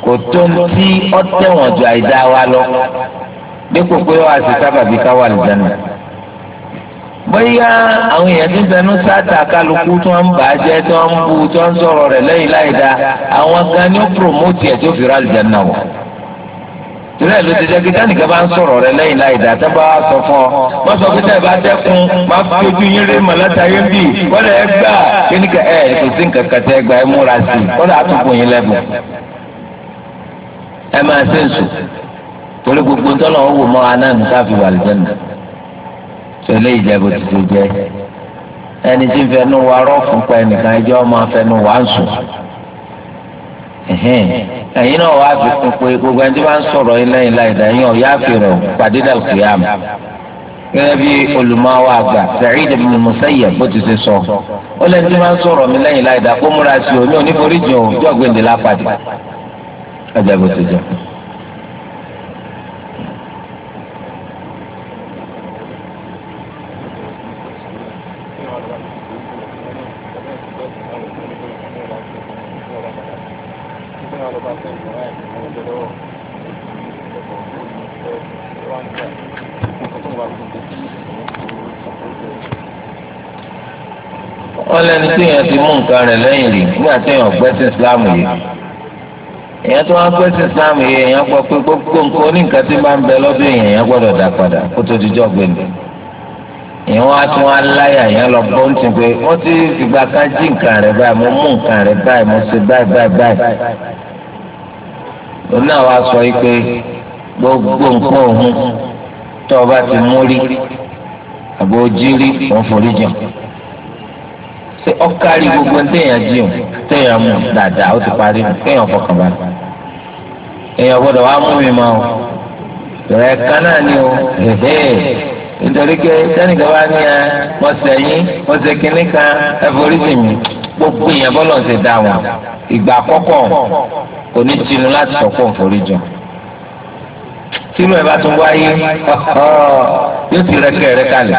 kò tó ń tí ọ tẹ̀wọ̀n ju àìdá wa lọ dípò pé wàá sì sábàbí ká wà lùdánù. bóyá àwọn èèyàn tí ń bẹnu sáàtà kálukú tí wọ́n ń bà á jẹ́ tí wọ́n ń bu tí wọ́n ń sọ̀rọ̀ rẹ̀ lẹ́yìn láìda àwọn kan ní ó promote ẹ̀ tí ó fi rà lùdánù wọ̀ torí ẹ ló ti jẹ kí tánìkan bá ń sọ̀rọ̀ rẹ lẹ́yìn láì dá tábà sọ fún ọ wọ́n sọ pé tẹ́ẹ̀ bá dẹ́kun máa fi ojú yín rí màláta bì wọ́n lè gbà kí ẹ máa ṣe èso torí gbogbo ntọ́nà owó mọ́ anáàmú káfí wà lẹ́nu tẹ́lẹ̀ ìjẹ́bù ti jẹ́ ẹni tí ń fẹnu wa rọ́ọ̀fù pa ẹnìkan ẹjọ́ máa fẹnu wa ń sùn ẹ̀yin náà wàá fi kún pé gbogbo ẹni tí wọ́n ń sọ̀rọ̀ yín lẹ́yìn láìda yín ọ̀yá àfihàn pàdé dàlùkìyàmù gẹ́gẹ́ bí olùmọ̀wá àgbà Sa'id ibn Musayyab bó ti ṣe sọ ó lẹ́ni tí wọ́n ń sọ̀rọ̀ mi lẹ́yìn láìda kó múra sí o oníforíjì o jọ́gbìn ẹjẹ bó ti jẹ. wọ́n lẹ́ni tí èèyàn ti mú nǹkan rẹ̀ lẹ́yìn rí nígbà tí èèyàn gbẹ́sẹ̀ Islam yìí. èèyàn tó wá ń pèsè islam yìí èèyàn gbọ́ pé gbogbo nǹkan tí ń bẹ lọ́dún èèyàn èèyàn gbọ́dọ̀ dá padà kó tó dijọ́ gbẹ̀ndẹ̀ èèyàn wá tún wá láyà èèyàn lọ bọ́ ń pé wọ́n ti fìgbà kan jí nǹkan rẹ̀ báyìí mo mú nǹkan rẹ̀ báyìí mo ṣe báyìí báyìí báyìí sọ yìí pé gbogbo nǹkan òun tó o bá ti mú rí àbò rí òun forí jàn ṣé gbogbo téèyàn jí èèyàn gbọ́dọ̀ wá mú mi mọ́ o ìrẹ̀ kan náà ni o nítorí pé sẹ́nìkan bá ní ẹ wọ́n sẹ́yìn wọ́n ṣe kínní kan ẹ forí sí mi gbogbo èèyàn bọ́lọ̀ ṣe dá wọn ìgbà àkọ́kọ́ kò ní tinú láti sọ̀kọ̀ forí jọ tínú ẹ bá tún wáyé yóò ti rẹ́kẹ̀ rẹ́ kalẹ̀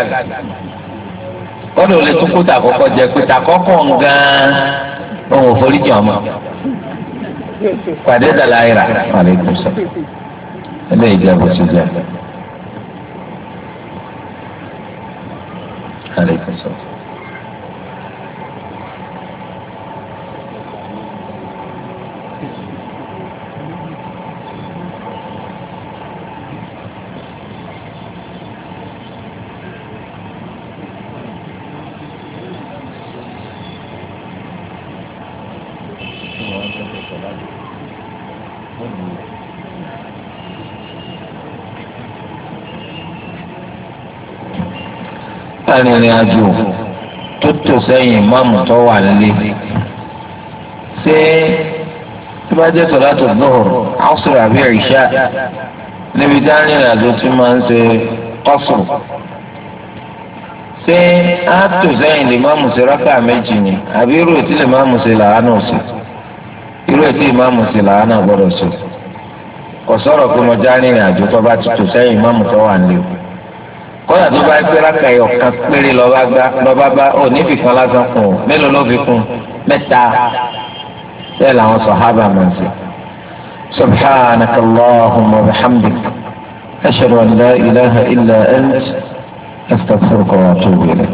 kọ́dọ̀ lè tún kó tàkọ́kọ́ jẹ pé tàkọ́kọ́ ń gan-an òun ò forí jọ mọ́ pàdé dàláìrà àlékún sọ eléyìí jẹ bó ti jẹ àlékún kàn tó tò sẹ́yìn ìmáàmù tó wà nílé ṣé tó bá jẹ́ sọ̀rọ̀ àtò lóhùn àwòsàn àbí ìṣá níbi tá a rìnrìn àjò máa ń ṣe ṣé a tò sẹ́yìn lè ni àbí irú ètí lè ṣe ṣe irú ètí ṣe gbọ́dọ̀ kódà tó bá gbéra kẹyọ kan péré lọ́ba gbá lọ́ba bá ò ní fìkan lásán kùn ún mélòó ló fi kùn mẹ́ta bẹ́ẹ̀ làwọn sàhábà máa ń سبحانك اللهم وبحمدك أشهد أن لا إله إلا أنت أستغفرك وأتوب إليك